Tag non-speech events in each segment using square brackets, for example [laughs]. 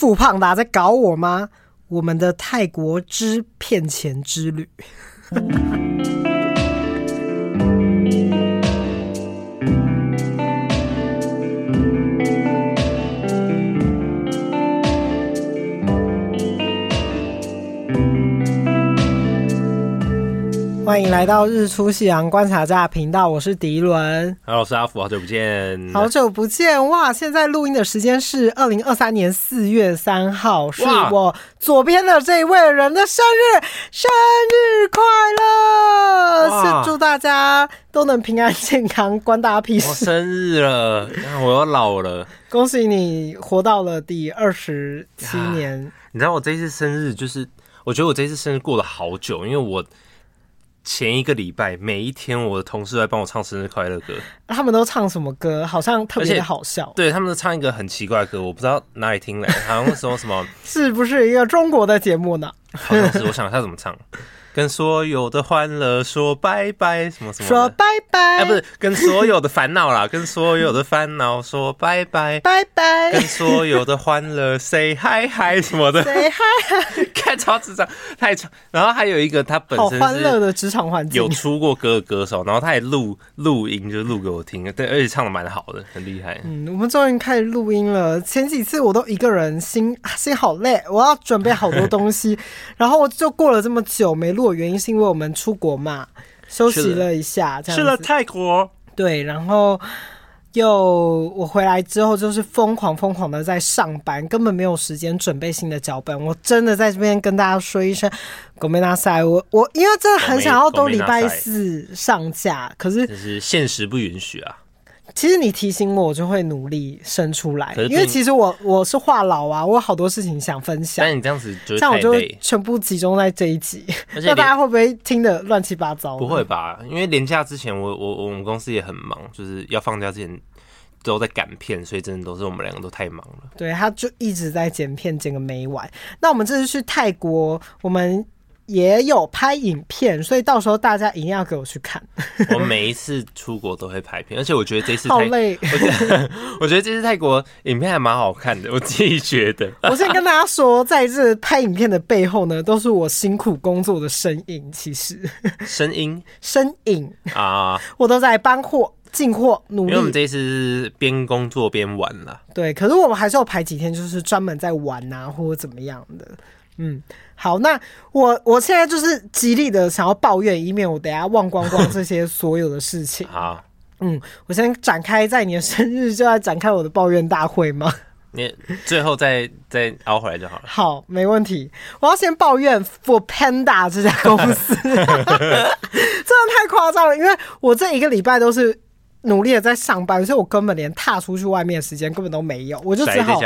富胖達、啊、在搞我嗎？我們的泰國之騙錢之旅。 [laughs] Okay. 歡迎來到日出夕陽觀察站頻道，我是迪倫，Hello，我是阿福，好久不見，好久不見哇！現在錄音的時間是二零二三年四月三號，是我左邊的這位人的生日，生日快樂！先祝大家都能平安健康，關大家屁事！我生日了，我又老了，恭喜你活到了第二十七年。啊，你知道我這次生日就是，我覺得我這次生日過了好久，因為我，前一個禮拜，每一天我的同事都來幫我唱生日快樂歌。他們都唱什麼歌？好像特別好笑。對，他們都唱一個很奇怪的歌，我不知道哪裡聽來，好像說什麼？ [laughs] 是不是一個中國的節目呢？好像是，我想一下怎麼唱。 [laughs] 跟所有的歡樂說拜拜，什麼什麼？說拜拜，啊，不是，跟所有的煩惱啦， [laughs] 跟所有的煩惱說拜拜，拜拜。跟所有的歡樂 say hi hi 什麼的 [laughs] ，say hi, hi [laughs] 超職場，太長。然後還有一個，他本身歡樂的職場環境，有出過歌的歌手，然後他也錄錄音，就錄給我聽，對，而且唱的蠻好的，很厲害。嗯，我們終於開始錄音了，前幾次我都一個人心，心心好累，我要準備好多東西， [laughs] 然後我就過了這麼久沒錄。我原因是因為我們出國嘛，休息了一下，去了,去了泰國，對，然後又我回來之後就是瘋狂瘋狂的在上班，根本沒有時間準備新的腳本。我真的在這邊跟大家說一聲，ごめんなさい，我我因為真的很想要都禮拜四上架，可是可是現實不允許啊。其實你提醒我，我就會努力生出來，因為其實我我是話癆啊，我有好多事情想分享。但你這樣子，這樣我就全部集中在這一集， [laughs] 那大家會不會聽得亂七八糟？不會吧？因為連假之前我，我我我們公司也很忙，就是要放假之前都在趕片，所以真的都是我們兩個都太忙了。對，他就一直在剪片，剪個沒完。那我們這次去泰國，我們。也有拍影片，所以到時候大家一定要給我去看。我每一次出國都會拍片，而且我覺得這次太，好累。我覺得，我覺得這次泰國影片還蠻好看的，我自己覺得。我先跟大家說，在這拍影片的背後呢，都是我辛苦工作的身影。其實，聲音身影身影啊，我都在搬貨、進貨、努力。因為我們這次是邊工作邊玩啦。對，可是我們還是要排幾天，就是專門在玩啊，或者怎麼樣的。嗯。好，那我我現在就是極力的想要抱怨，以免我等下忘光光這些所有的事情。 [laughs] 好，嗯，我先展開，在你的生日就要展開我的抱怨大會嘛？你最後再再熬回來就好了。好，沒問題。我要先抱怨，foodpanda 這家公司 [laughs] [laughs] 真的太誇張了，因為我這一個禮拜都是。努力的在上班，所以，我根本連踏出去外面的時間根本都沒有，我就只好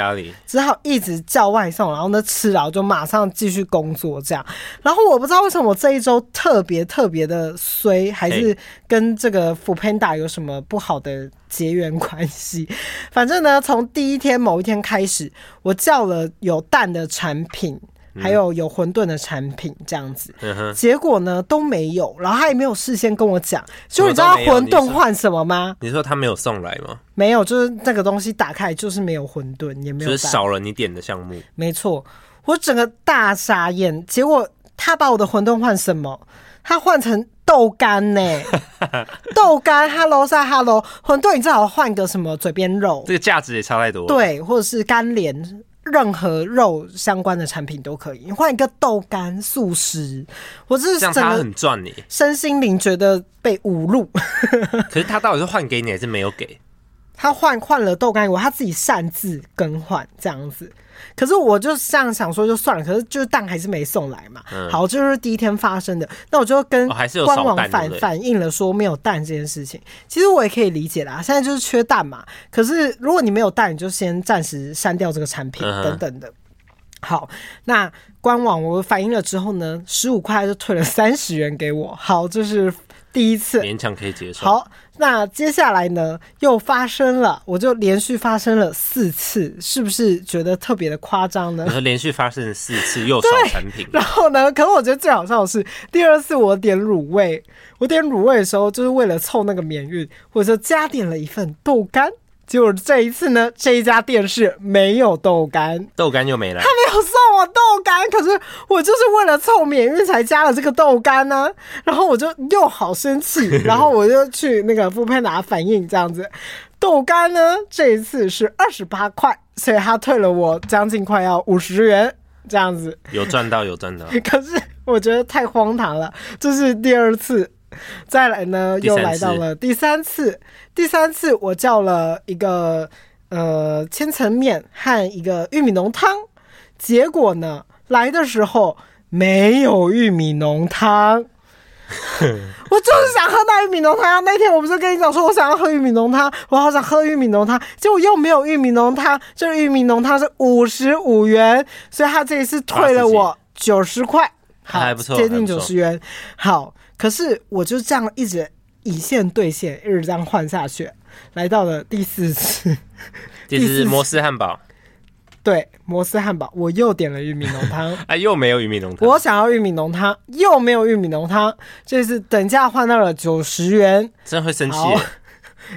只好一直叫外送，然後呢，吃了就馬上繼續工作這樣。然後我不知道為什麼我這一周特別特別的衰，還是跟這個富胖達有什麼不好的結緣關係？反正呢，從第一天某一天開始，我叫了有蛋的產品。還有有餛飩的產品這樣子，嗯、結果呢都沒有，然後他也沒有事先跟我講。所以你知道餛飩換什麼嗎？你是說他沒有送來嗎？沒有，就是那個東西打開就是沒有餛飩，也沒有，就是少了你點的項目。沒錯，我整個大傻眼。結果他把我的餛飩換什麼？他換成豆乾呢、欸？ [laughs] 豆乾，Hello 沙 Hello，餛飩你最好換個什麼嘴邊肉？這個價值也差太多。對，或者是乾蓮。任何肉相關的產品都可以，你換一個豆乾素食，我是像他很賺你，身心靈覺得被侮辱、欸。可是他到底是換給你，還是沒有給？他換換了豆乾果，我他自己擅自更換這樣子，可是我就像想說就算了，可是就是蛋還是沒送來嘛。嗯、好，這就是第一天發生的，那我就跟官網反反映了說沒有蛋這件事情。其實我也可以理解啦，現在就是缺蛋嘛。可是如果你沒有蛋，你就先暫時刪掉這個產品等等的。好，那官網我反映了之後呢，十五塊就退了三十元給我。好，這，就是第一次勉強可以接受。好。那接下來呢，又發生了，我就連續發生了四次，是不是覺得特別的誇張呢？呃，連續發生了四次又少產品，然後呢，可是我覺得最好笑的是，第二次我點滷味，我點滷味的時候就是為了湊那個免運，或者說加點了一份豆乾。結果這一次呢，這一家店是沒有豆乾，豆乾又沒了。他沒有送我豆乾，可是我就是為了湊免運才加了這個豆乾呢、啊。然後我就又好生氣，然後我就去那個富胖達拿反應，這樣子。 [laughs] 豆乾呢，這一次是二十八塊，所以他退了我將近快要五十元這樣子。有賺到，有賺到。可是我覺得太荒唐了，這、就是第二次。再來呢，又來到了第三次。第三次，三次我叫了一個呃千層麵和一個玉米濃湯，結果呢，來的時候沒有玉米濃湯。 [laughs] 我就是想喝那玉米濃湯、啊。那天我不是跟你講說我想要喝玉米濃湯，我好想喝玉米濃湯，結果又沒有玉米濃湯。這、就是、玉米濃湯是五十五元，所以他這一次退了我九十塊，還不錯，接近九十元。好。可是我就這樣一直以現兌現，一直這樣換下去，來到了第四次，第四次，第四次摩斯漢堡，對，摩斯漢堡，我又點了玉米濃湯，哎、 [laughs] 呃，又沒有玉米濃湯，我想要玉米濃湯，又沒有玉米濃湯，這、就、次、是、等價換到了九十元，真會生氣。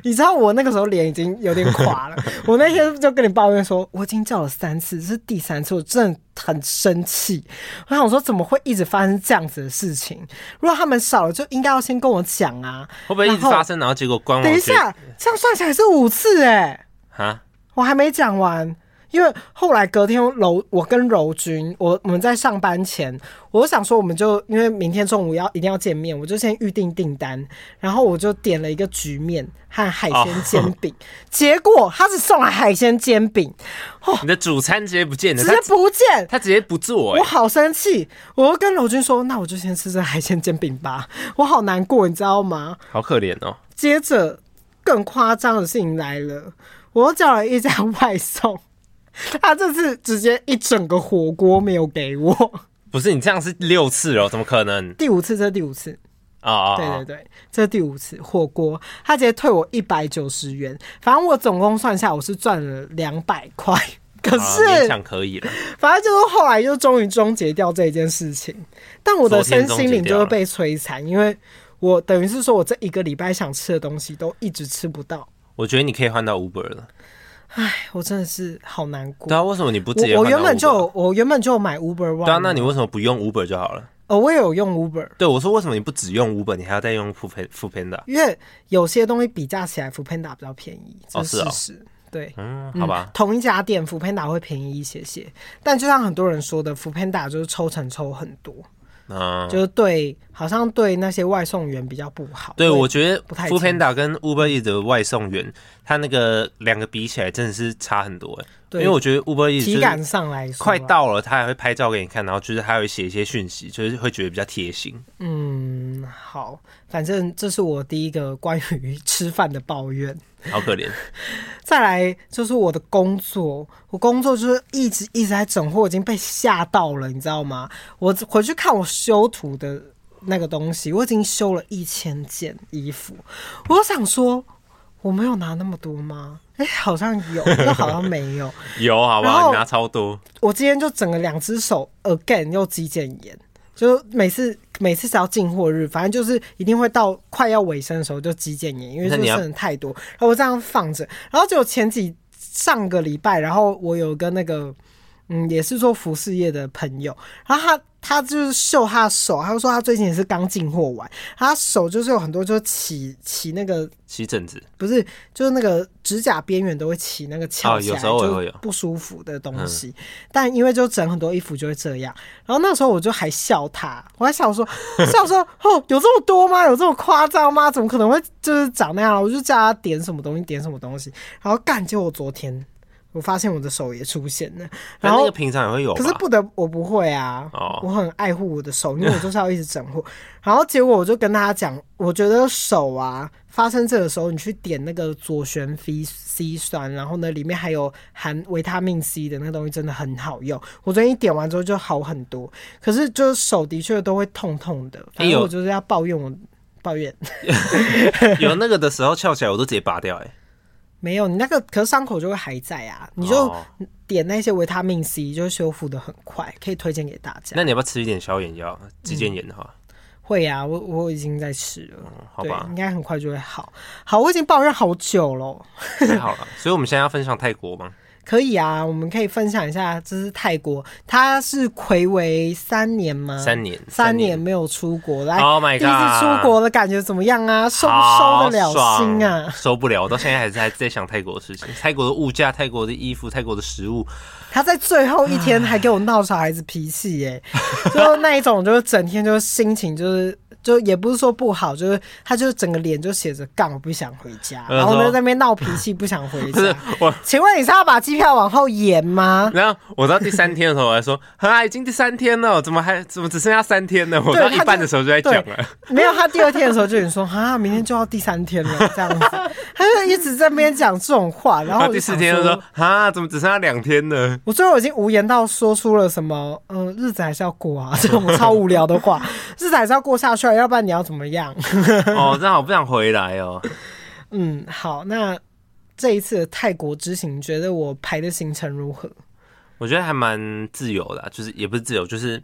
你知道我那個時候臉已經有點垮了， [laughs] 我那天就跟你抱怨說，我已經叫了三次，是第三次，我真的很生氣。我想說，怎麼會一直發生這樣子的事情？如果他們少了，就應該要先跟我講啊。會不會一直發生，然後結果關我等一下，這樣算起來是五次哎、欸。啊，我還沒講完。因為後來隔天我跟柔君，我我們在上班前，我就想說我們就因為明天中午要一定要見面，我就先預定訂單，然後我就點了一個焗麵和海鮮煎餅，哦、結果他只送來海鮮煎餅，哦哦你的主餐直接不見直接不見他，他直接不做、欸，我好生氣，我就跟柔君說，那我就先吃這海鮮煎餅吧，我好難過，你知道嗎？好可憐哦接著，接着更誇張的事情來了，我找了一家外送。他這次直接一整個火鍋沒有給我，不是你這樣是六次哦，怎麼可能？第五次，這是第五次啊，哦哦哦對對對，這是第五次火鍋，他直接退我一百九十元，反正我總共算下我是賺了兩百塊，可是、啊、勉強可以了。反正就是後來就終於終結掉這件事情，但我的身心靈就會被摧殘，因為我等於是說我這一個禮拜想吃的東西都一直吃不到。我覺得你可以換到 Uber 了。哎，我真的是好難過。對啊，為什麼你不直接？我原本就有我原本就有買 Uber One。對啊，那你為什麼不用 Uber 就好了？哦，我也有用 Uber。對，我說為什麼你不只用 Uber，你還要再用富胖達？因為有些東西比價起來，富胖達比較便宜，這是事實。哦是哦。對，嗯，好吧。同一家店，富胖達會便宜一些些，但就像很多人說的，富胖達就是抽成抽很多。嗯， [noise] 就是對，好像對那些外送員比較不好。對，對我覺得不太。Foodpanda 跟 Uber Eats 的外送員，他那個兩個比起來，真的是差很多哎！對，因為我覺得 Uber Eats 就是，體感上來說快到了，他還會拍照給你看，然後就是他會寫一些訊息，就是會覺得比較貼心。嗯，好，反正這是我第一個關於吃飯的抱怨，好可憐。 [laughs] 再來就是我的工作，我工作就是一直一直在整貨，我已經被嚇到了，你知道嗎？我回去看我修圖的那個東西，我已經修了一千件衣服，我想說。我沒有拿那麼多嗎？哎、欸，好像有，又好像沒有。 [laughs] 有，好吧，你拿超多。我今天就整個兩只手，again 又肌腱炎。就每次每次只要進貨日，反正就是一定會到快要尾聲的時候就肌腱炎，因為就剩的太多。然後我這樣放着，然後就前幾上個禮拜，然後我有個那個嗯也是做服飾業的朋友，然後他。他就是秀他的手，他就說他最近也是剛進貨完，他手就是有很多就起起那個起疹子，不是就是那個指甲邊緣都會起那個翹起來、哦，有時候會有、就是、不舒服的東西、嗯。但因為就整很多衣服就會這樣，然後那時候我就還笑他，我還笑說笑說哦有這麼多嗎？有這麼誇張嗎？怎麼可能會就是長那樣？我就叫他點什麼東西點什麼東西，然後幹，結果昨天。我發現我的手也出現了，然後平常也會有，可是不得我不會啊，oh. 我很愛護我的手，因為我就是要一直整貨。 [laughs] 然後結果我就跟大家講，我覺得手啊發生這個時候，你去點那個左旋 VC 酸，然後呢裡面還有含維他命 C 的那個東西，真的很好用。我昨天一點完之後就好很多，可是就是手的確都會痛痛的，反正我就是要抱怨我，我抱怨。 [laughs] [laughs] 有那個的時候翹起來，我都直接拔掉、欸，哎。沒有，你那個可是傷口就會還在啊，你就點那些維他命 C，就修復的很快，可以推薦給大家、哦。那你要不要吃一點消炎藥，肌腱炎的話？嗯、會呀、啊，我我已經在吃了，哦、好吧。應該很快就會好。好，我已經抱怨好久了，好了、啊。所以我們現在要分享泰國嗎？可以啊，我們可以分享一下，這是泰國，他是睽違三年嗎？三年，三年沒有出國來、欸、Oh my god！第一次出國的感覺怎麼樣啊？收不收得了心啊？收不了，我到現在還是還在想泰國的事情。 [laughs] 泰國的物價，泰國的衣服，泰國的食物。他在最後一天還給我鬧小孩子脾氣、欸，耶。 [laughs] 就是那一種，就是整天就是心情就是。就也不是說不好，就是他就整個臉就寫着槓，我不想回家，然後在那邊鬧脾氣，不想回家。 [laughs] 不是我，請問你是要把機票往後延嗎？然後我到第三天的時候，我還說啊， [laughs] 已經第三天了，怎麼還怎麼只剩下三天了？我到一半的時候就在講了。沒有，他第二天的時候就已經說啊，明天就要第三天了，這樣子， [laughs] 他就一直在那邊講這種話然。然後第四天就說啊，怎麼只剩下兩天了？我最後我已經無言到說出了什麼嗯，日子還是要過啊這種超無聊的話， [laughs] [laughs] 日子還是要過下去。要不然你要怎麼樣？ [laughs] 哦，這樣我不想回來哦。 [laughs] 嗯，好，那這一次的泰國之行，你覺得我排的行程如何？我覺得還蠻自由的。啊，就是也不是自由，就是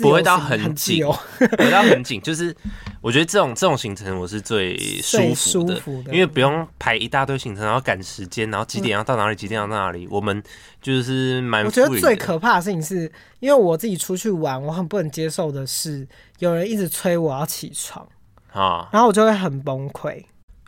不會到很緊，啊、很 [laughs] 不會到很緊。就是我覺得這種這種行程我是最舒、最舒服的，因為不用排一大堆行程，然後趕時間，然後幾點要到哪裡，嗯，幾點要到哪裡。我們就是蠻我覺得最可怕的事情是，因為我自己出去玩，我很不能接受的是有人一直催我要起床啊，然後我就會很崩潰。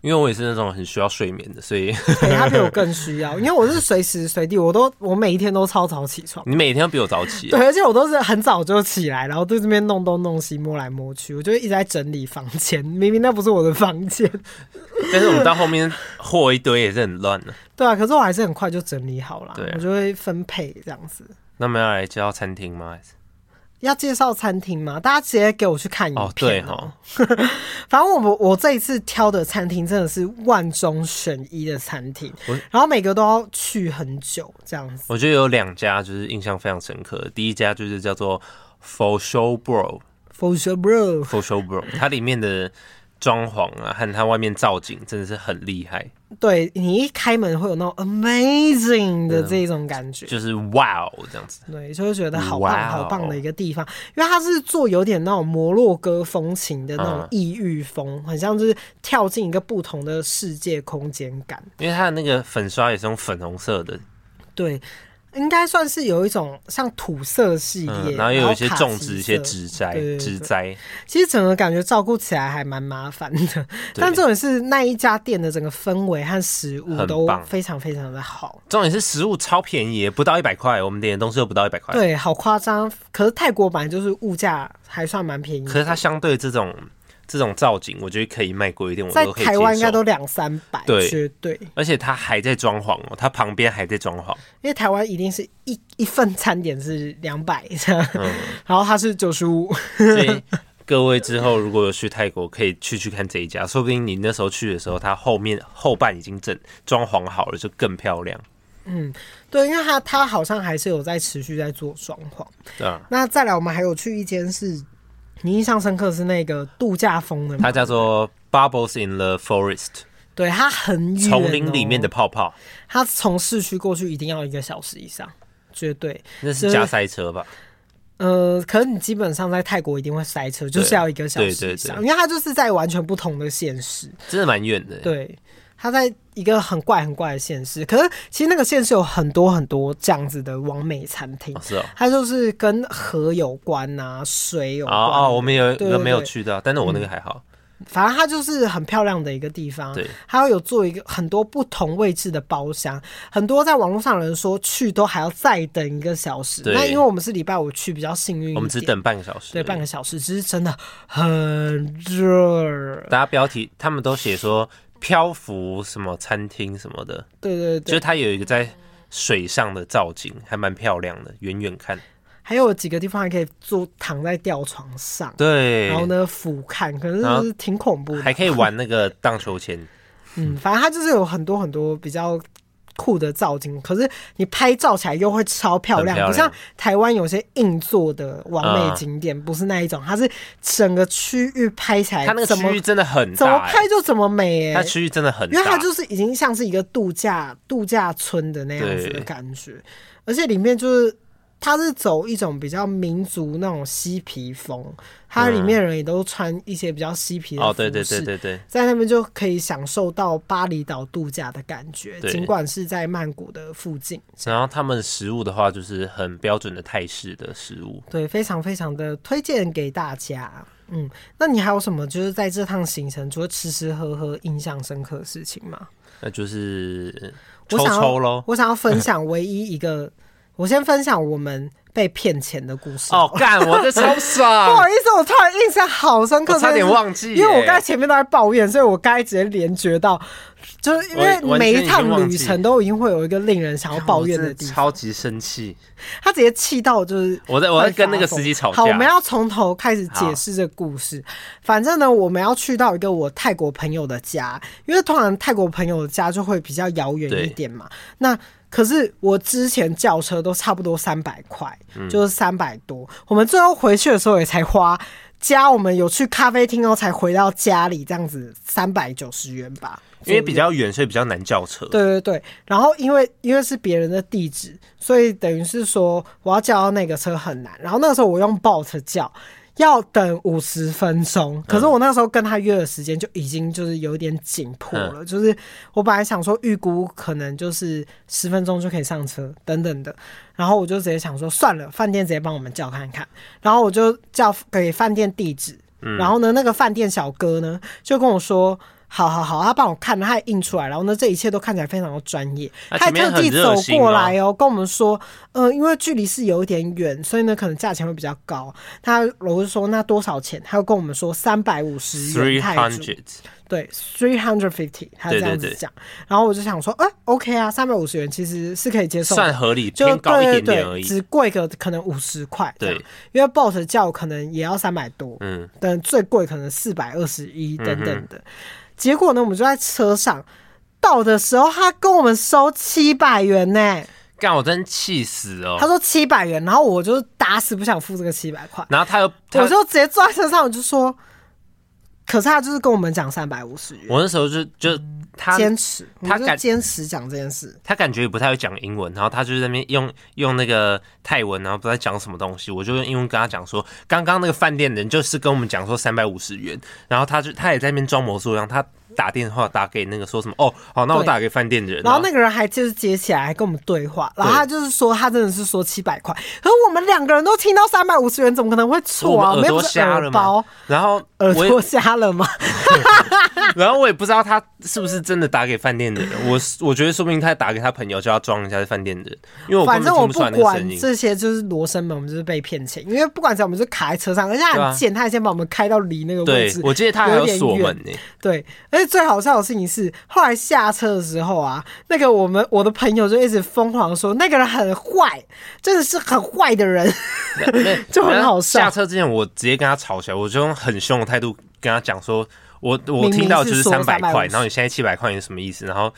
因為我也是那種很需要睡眠的，所以，欸、他比我更需要。因為我是隨時隨地，我都我每一天都超早起床。你每天都比我早起。啊，對，而且我都是很早就起來，然後對這邊弄東弄西，摸來摸去，我就一直在整理房間。明明那不是我的房間，但是我們到後面貨一堆也是很亂的，啊。 [laughs] 對啊，可是我還是很快就整理好了。啊，我就會分配這樣子。那麼要來叫餐廳嗎？要介紹餐廳嗎？大家直接給我去看影片喔。哦，對哦 [laughs] 反正我我這一次挑的餐廳真的是萬中選一的餐廳，然後每個都要去很久這樣子。我覺得有兩家就是印象非常深刻的，第一家就是叫做 Foshow Bro，Foshow Bro，Foshow Bro [laughs] 它裡面的。裝潢啊，和它外面造景真的是很厲害。對，你一開門會有那種 amazing 的這種感覺，嗯、就是哇哦 wow 這樣子。對，就會覺得好棒、wow、好棒的一個地方，因為它是做有點那種摩洛哥風情的那種異域風，啊，很像就是跳進一個不同的世界空間感。因為它的那個粉刷也是用粉紅色的，對。應該算是有一種像土色系列，嗯、然後又有一些種植一些植栽，對對對，植栽對對對。其實整個感覺照顧起來還蠻麻煩的，但重點是那一家店的整個氛圍和食物都非常非常的好。重點是食物超便宜，不到一百塊，我們點的東西都不到一百塊，對，好誇張。可是泰國本來就是物價還算蠻便宜，可是它相對這種。這種造景我覺得可以賣貴一點，我在台灣應該都兩三百，絕對。而且它還在裝潢哦，它旁邊還在裝潢。因為台灣一定是一一份餐點是兩百這樣，然後它是九十五。所以各位之後如果有去泰國，可以去去看這一家，說不定你那時候去的時候，它後面後半已經整裝潢好了，就更漂亮。嗯，對，因為它它好像還是有在持續在做裝潢。對啊，那再來我們還有去一間是。你印象深刻是那個度假風的嗎？它叫做 Bubbles in the Forest，對，它很遠喔，叢林裡面的泡泡。它從市區過去一定要一個小時以上，絕對。那是加塞車吧？呃，可能你基本上在泰國一定會塞車，就是要一個小時以上，對對對對，因為它就是在完全不同的縣市，真的蠻遠的欸。對。它在一個很怪很怪的縣市，可是其實那個縣市有很多很多這樣子的網美餐廳。哦哦，它就是跟河有關吶、啊，水有關哦，哦，我們有有沒有去到？但是我那個還好。嗯。反正它就是很漂亮的一個地方，對。它會有，有做一個很多不同位置的包廂，很多在網絡上的人說去都還要再等一個小時。那因為我們是禮拜五去，比較幸運。我們只等半個小時，對，對半個小時其實真的很熱。大家標題他們都寫說。漂浮什麼餐廳什麼的，對對對，就是它有一個在水上的造景，還蠻漂亮的，遠遠看。還有幾個地方還可以坐，躺在吊床上，對，然後呢俯瞰，可能就是挺恐怖的。還可以玩那個盪秋千， [laughs] 嗯，反正它就是有很多很多比較。酷的造景，可是你拍照起來又會超漂亮。漂亮不像台灣有些硬做的完美景點，嗯，不是那一種，它是整個區域拍起來，它那個區域真的很，欸，怎麼拍就怎麼美，欸，它區域真的很，因為它就是已經像是一個度假度假村的那樣子的感覺，而且裡面就是。它是走一種比較民族那種嬉皮風，它裡面人也都穿一些比較嬉皮的服、嗯、哦，對對對對對，在那邊就可以享受到巴厘島度假的感覺，儘管是在曼谷的附近。然後他們食物的話，就是很標準的泰式的食物，對，非常非常的推薦給大家。嗯，那你還有什麼就是在這趟行程除了吃吃喝喝印象深刻的事情嗎？那就是我想要，我想要分享唯一一個。我先分享我們被騙錢的故事。哦，幹，我的超爽。 [laughs] 不好意思，我突然印象好深刻，差點忘記。因為我剛才前面都在抱怨，所以我剛才直接連覺到，就是因為每一趟旅程都已經會有一個令人想要抱怨的地方。超級生氣，他直接氣到就是我在我在跟那個司機吵架。好，我們要從頭開始解釋這個故事。反正呢，我們要去到一個我泰國朋友的家，因為通常泰國朋友的家就會比較遙遠一點嘛。那。可是我之前叫車都差不多三百塊，就是三百多。我們最後回去的時候也才花，加我們有去咖啡廳後才回到家裡這樣子三百九十元吧。因為比較遠，所以比較難叫車。對對對。然後因為因為是別人的地址，所以等於是說我要叫到那個車很難。然後那個時候我用 Bolt 叫。要等五十分鐘，可是我那時候跟他約的時間就已經就是有點緊迫了，嗯，就是我本來想說預估可能就是十分鐘就可以上車等等的，然後我就直接想說算了，飯店直接幫我們叫看看，然後我就叫給飯店地址，嗯，然後呢，那個飯店小哥呢就跟我說。好好好，他幫我看他也印出來，然後呢，這一切都看起來非常的專業。啊、他還特地走過來哦，哦，跟我們說，呃，因為距離是有點遠，所以呢，可能價錢會比較高。他我就說，那多少錢？他又跟我們說350，三百五十元泰銖，對，three hundred fifty，他這樣子講。然後我就想說，哎、呃、，OK 啊，三百五十元其實是可以接受，算合理，就對對對，點點只貴個可能五十塊，對，因為 boat 的價可能也要三百多，嗯，但最貴可能四百二十一等等的。嗯結果呢，我們就在車上到的時候，他跟我們收七百元呢、欸，幹我真氣死哦！他說七百元，然後我就打死不想付這個七百塊，然後他又他，我就直接坐在車上，我就說。可是他就是跟我們講三百五十元，我那時候就就他、嗯、堅持，他就堅持講這件事。他感覺也不太會講英文，然後他就在那邊用用那個泰文，然後不知道講什麼東西。我就用英文跟他講說，剛剛那個飯店人就是跟我們講說三百五十元，然後他就他也在那邊裝模作樣，他。打電話打給那個，說什麼哦？好，那我打給飯店的人。然後那個人還就是接起來，還跟我們對話。然後他就是說，他真的是說七百塊，可是我們兩個人都聽到三百五十元，怎麼可能會錯、啊？啊，沒有瞎包，然後耳朵瞎了嗎？然後，耳朵瞎了嗎 [laughs] 然後我也不知道他是不是真的打給飯店的人。 [laughs] 我我覺得，說不定他打給他朋友，就要裝一下是飯店的人。因為反正我不管這些，就是羅生門，我們就是被騙錢。因為不管怎樣，我們是卡在車上，而且很賤、啊，他先把我們開到離那個位置，對，我記得他還有鎖門呢、欸。對，而且。最好笑的事情是，後來下車的時候啊，那個我們我的朋友就一直瘋狂說那個人很壞，真的是很壞的人， [laughs] 就很好笑。 [laughs] 下車之前，我直接跟他吵起來，我就用很凶的態度跟他講說，我我聽到就是三百塊，然後你現在七百塊，你什麼意思？然後。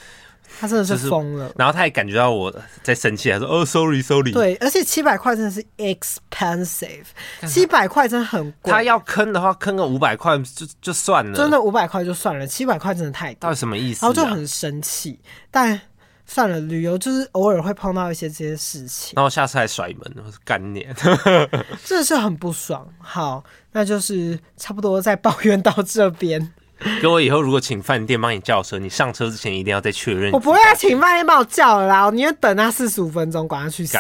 他真的是瘋了、就是，然後他也感覺到我在生氣，他說：“哦、oh,，sorry，sorry。”對，而且七百塊真的是 expensive，七百塊真的很貴。他要坑的話，坑個五百塊就就算了。真的五百塊就算了，七百塊真的太多。到底什麼意思、啊？然後就很生氣，但算了，旅遊就是偶爾會碰到一些這些事情。然後下次還甩門，幹臉 [laughs] ，真的是很不爽。好，那就是差不多再抱怨到這邊。跟我以後如果請飯店幫你叫車，你上車之前一定要再確認。我不會要請飯店幫我叫了啦，我寧願等他四十五分鐘，管他去死。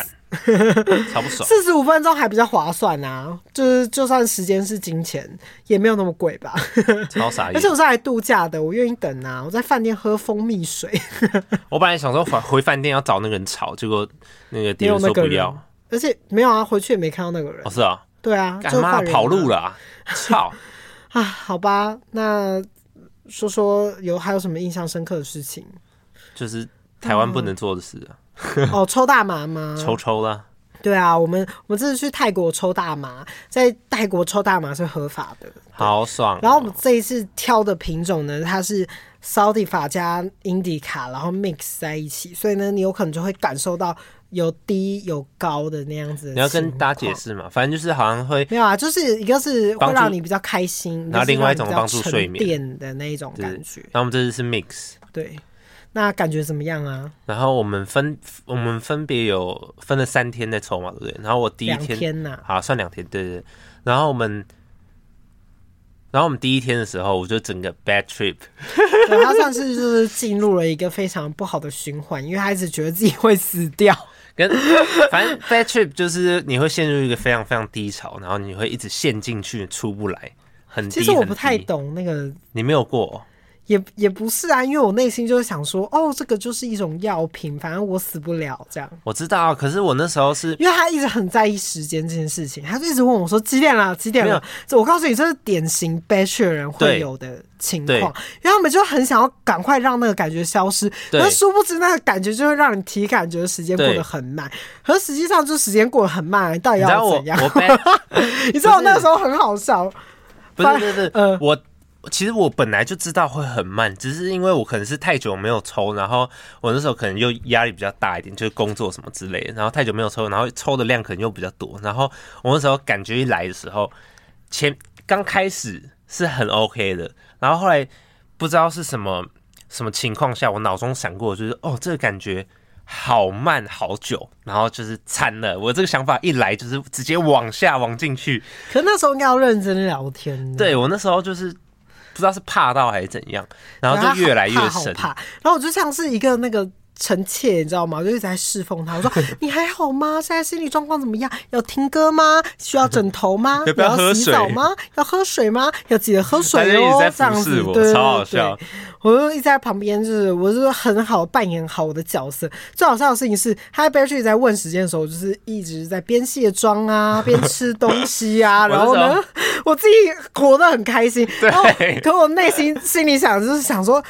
超不爽！四十五分鐘還比較划算啊，就是就算時間是金錢，也沒有那麼貴吧。超傻！而且我是來度假的，我願意等啊。我在飯店喝蜂蜜水。 [laughs] 我本來想說回回飯店要找那個人吵，結果那個店員說不了，而且沒有啊，回去也沒看到那個人。是啊，對啊，幹嘛、啊、跑路了、啊？操！ [laughs] 啊，好吧，那說說有還有什麼印象深刻的事情？就是台灣不能做的事啊， [laughs] 哦，抽大麻嗎？抽抽了，對啊，我們我們這次去泰國抽大麻，在泰國抽大麻是合法的，好爽哦。然後我們這一次挑的品種呢，它是。Sativa 加 Indica，然後 Mix 在一起，所以呢，你有可能就會感受到有低有高的那樣子。你要跟大家解釋嘛？反正就是好像會沒有啊，就是一個、就是會讓你比較開心，然後另外一種幫助睡眠、就是、的那一種感覺。那我們這次是 Mix，對，那感覺怎麼樣啊？然後我們分我們分別有分了三天在抽嘛，對不對？然後我第一天天吶、啊，好算兩天，對,對對。然後我們。然後我們第一天的時候，我就整個 bad trip，然後，上次就是進入了一個非常不好的循環，因為他一直覺得自己會死掉，跟反正 bad trip 就是你會陷入一個非常非常低潮，然後你會一直陷進去出不來，很，很低。其實我不太懂那個，你沒有過？也也不是啊，因為我內心就是想說，哦，這個就是一種藥品，反正我死不了這樣。我知道，可是我那時候是，因為他一直很在意時間這件事情，他就一直問我說幾點了，幾點了。沒有，這我告訴你這是典型 b a t 人會有的情況，因為他們就很想要趕快讓那個感覺消失，那殊不知那個感覺就會讓你體感覺得時間過得很慢，可是實際上就時間過得很慢，到底要怎樣？你知道我,我, [laughs] 你知道我那時候很好笑，不是對、呃，我。其實我本來就知道會很慢，只是因為我可能是太久沒有抽，然後我那時候可能又壓力比較大一點，就是工作什麼之類的，然後太久沒有抽，然後抽的量可能又比較多，然後我那時候感覺一來的時候，前剛開始是很 OK 的，然後後來不知道是什麼什麼情況下，我腦中閃過就是哦，這個感覺好慢好久，然後就是慘了，我這個想法一來就是直接往下往進去，可那時候你要認真聊天，對，我那時候就是。不知道是怕到還是怎樣，然後就越來越深。好怕，好怕，然後我就像是一個那個。臣妾，你知道嗎？我就一直在侍奉他。我說：“你還好嗎？現在心理狀況怎麼樣？要聽歌嗎？需要枕頭嗎？ [laughs] 要不要喝水？要洗澡嗎？要喝水嗎？要記得喝水哦！”這樣子，對、對，超好笑對，我就一直在旁邊，就是我就是很好扮演好我的角色。最好笑的事情是他在邊去在問時間的時候，就是一直在邊卸妝啊，邊吃東西啊， [laughs] 然後呢，我自己活得很開心。對，然後可我內心心裡想就是想說。”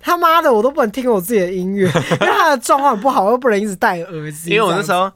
他媽的，我都不能聽我自己的音樂，因為他的狀況很不好，我又 [laughs] 不能一直戴耳機。因為我那時候，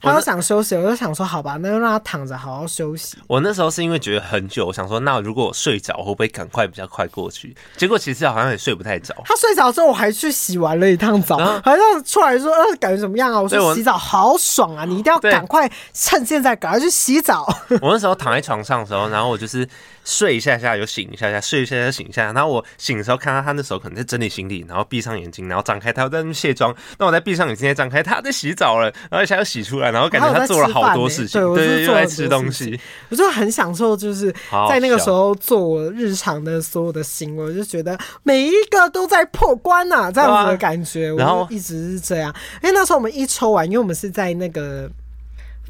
他又想休息，我就想說，好吧，那就讓他躺着好好休息。我那時候是因為覺得很久，我想說，那如果我睡着，會不會趕快比較快過去？結果其實好像也睡不太着。他睡着之後，我還去洗完了一趟澡，好像出來說：“呃，感覺怎麼樣啊？”我說：“洗澡好爽啊，你一定要趕快趁現在趕快去洗澡。” [laughs] 我那時候躺在床上的時候，然後我就是。睡一下下，又醒一下下，睡一下下，醒一下下。然後我醒的時候看，看到他那時候可能在整理行李，然後閉上眼睛，然後張開，他在卸妝。那我再閉上眼睛，再張開，他在洗澡了。然後一下又洗出來，然後感覺他做了好多事情，對、欸、對，又在吃東西。我就很享受，就是在那個時候做我日常的所有的行為，我就覺得每一個都在破關吶、啊，這樣子的感覺。然後，啊，一直是這樣。因為那時候我們一抽完，因為我們是在那個。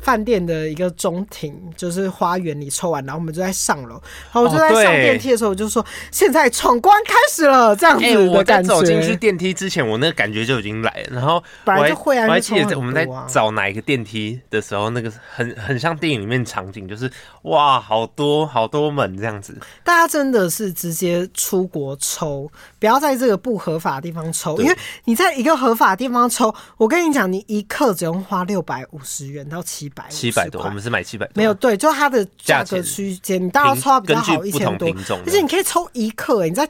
飯店的一個中庭，就是花園裡抽完，然後我們就在上樓，然後我就在上電梯的時候，我就說：“哦、現在闖關開始了。”這樣子的感覺、欸。我在走進去電梯之前，我那個感覺就已經來了。然後我本來就會啊，而且我們在找哪一個電梯的時候，那個很很像電影裡面場景，就是哇，好多好多門這樣子。大家真的是直接出國抽，不要在這個不合法的地方抽，因為你在一個合法的地方抽，我跟你講，你一克只用花六百五十元到七。七百多，我們是買七百多。沒有對，就它的價格區間，你大概要抽到比較好一千多。而且你可以抽一克、欸，你在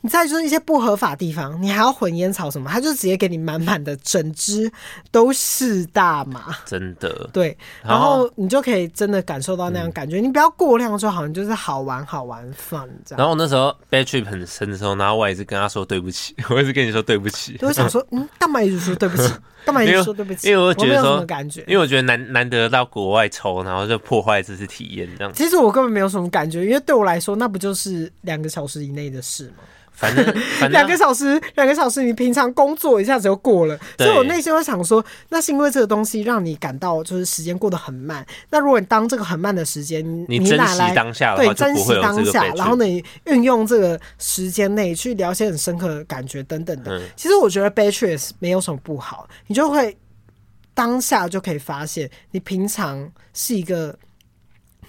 你在就是一些不合法地方，你還要混菸草什麼，他就直接給你滿滿的整支都是大麻，真的。對，然後你就可以真的感受到那樣感覺。你不要過量的時候，好像就是好玩好玩放。嗯、fun, 這樣。然後我那時候 bad trip 很深的時候，然後我也是跟他說對不起，我也是跟你說對不起。就我想說， [laughs] 嗯，幹嘛一直說對不起？ [laughs] 幹嘛你說對不起？因為，因為我覺得我覺因為我覺得難難得到國外抽，然後就破壞這次體驗這樣子。其實我根本沒有什麼感覺，因為對我來說，那不就是兩個小時以內的事嗎？兩 [laughs] 個小時，兩個小時，你平常工作一下子就過了。所以我內心會想說，那是因為這個東西讓你感到就是時間過得很慢。那如果你當這個很慢的時間，你珍惜當下的話就不會有，對，珍惜當下，然後你運用這個時間內去聊些很深刻的感覺等等的。嗯、其實我覺得 Betrayal 沒有什麼不好。你就會當下就可以發現，你平常是一個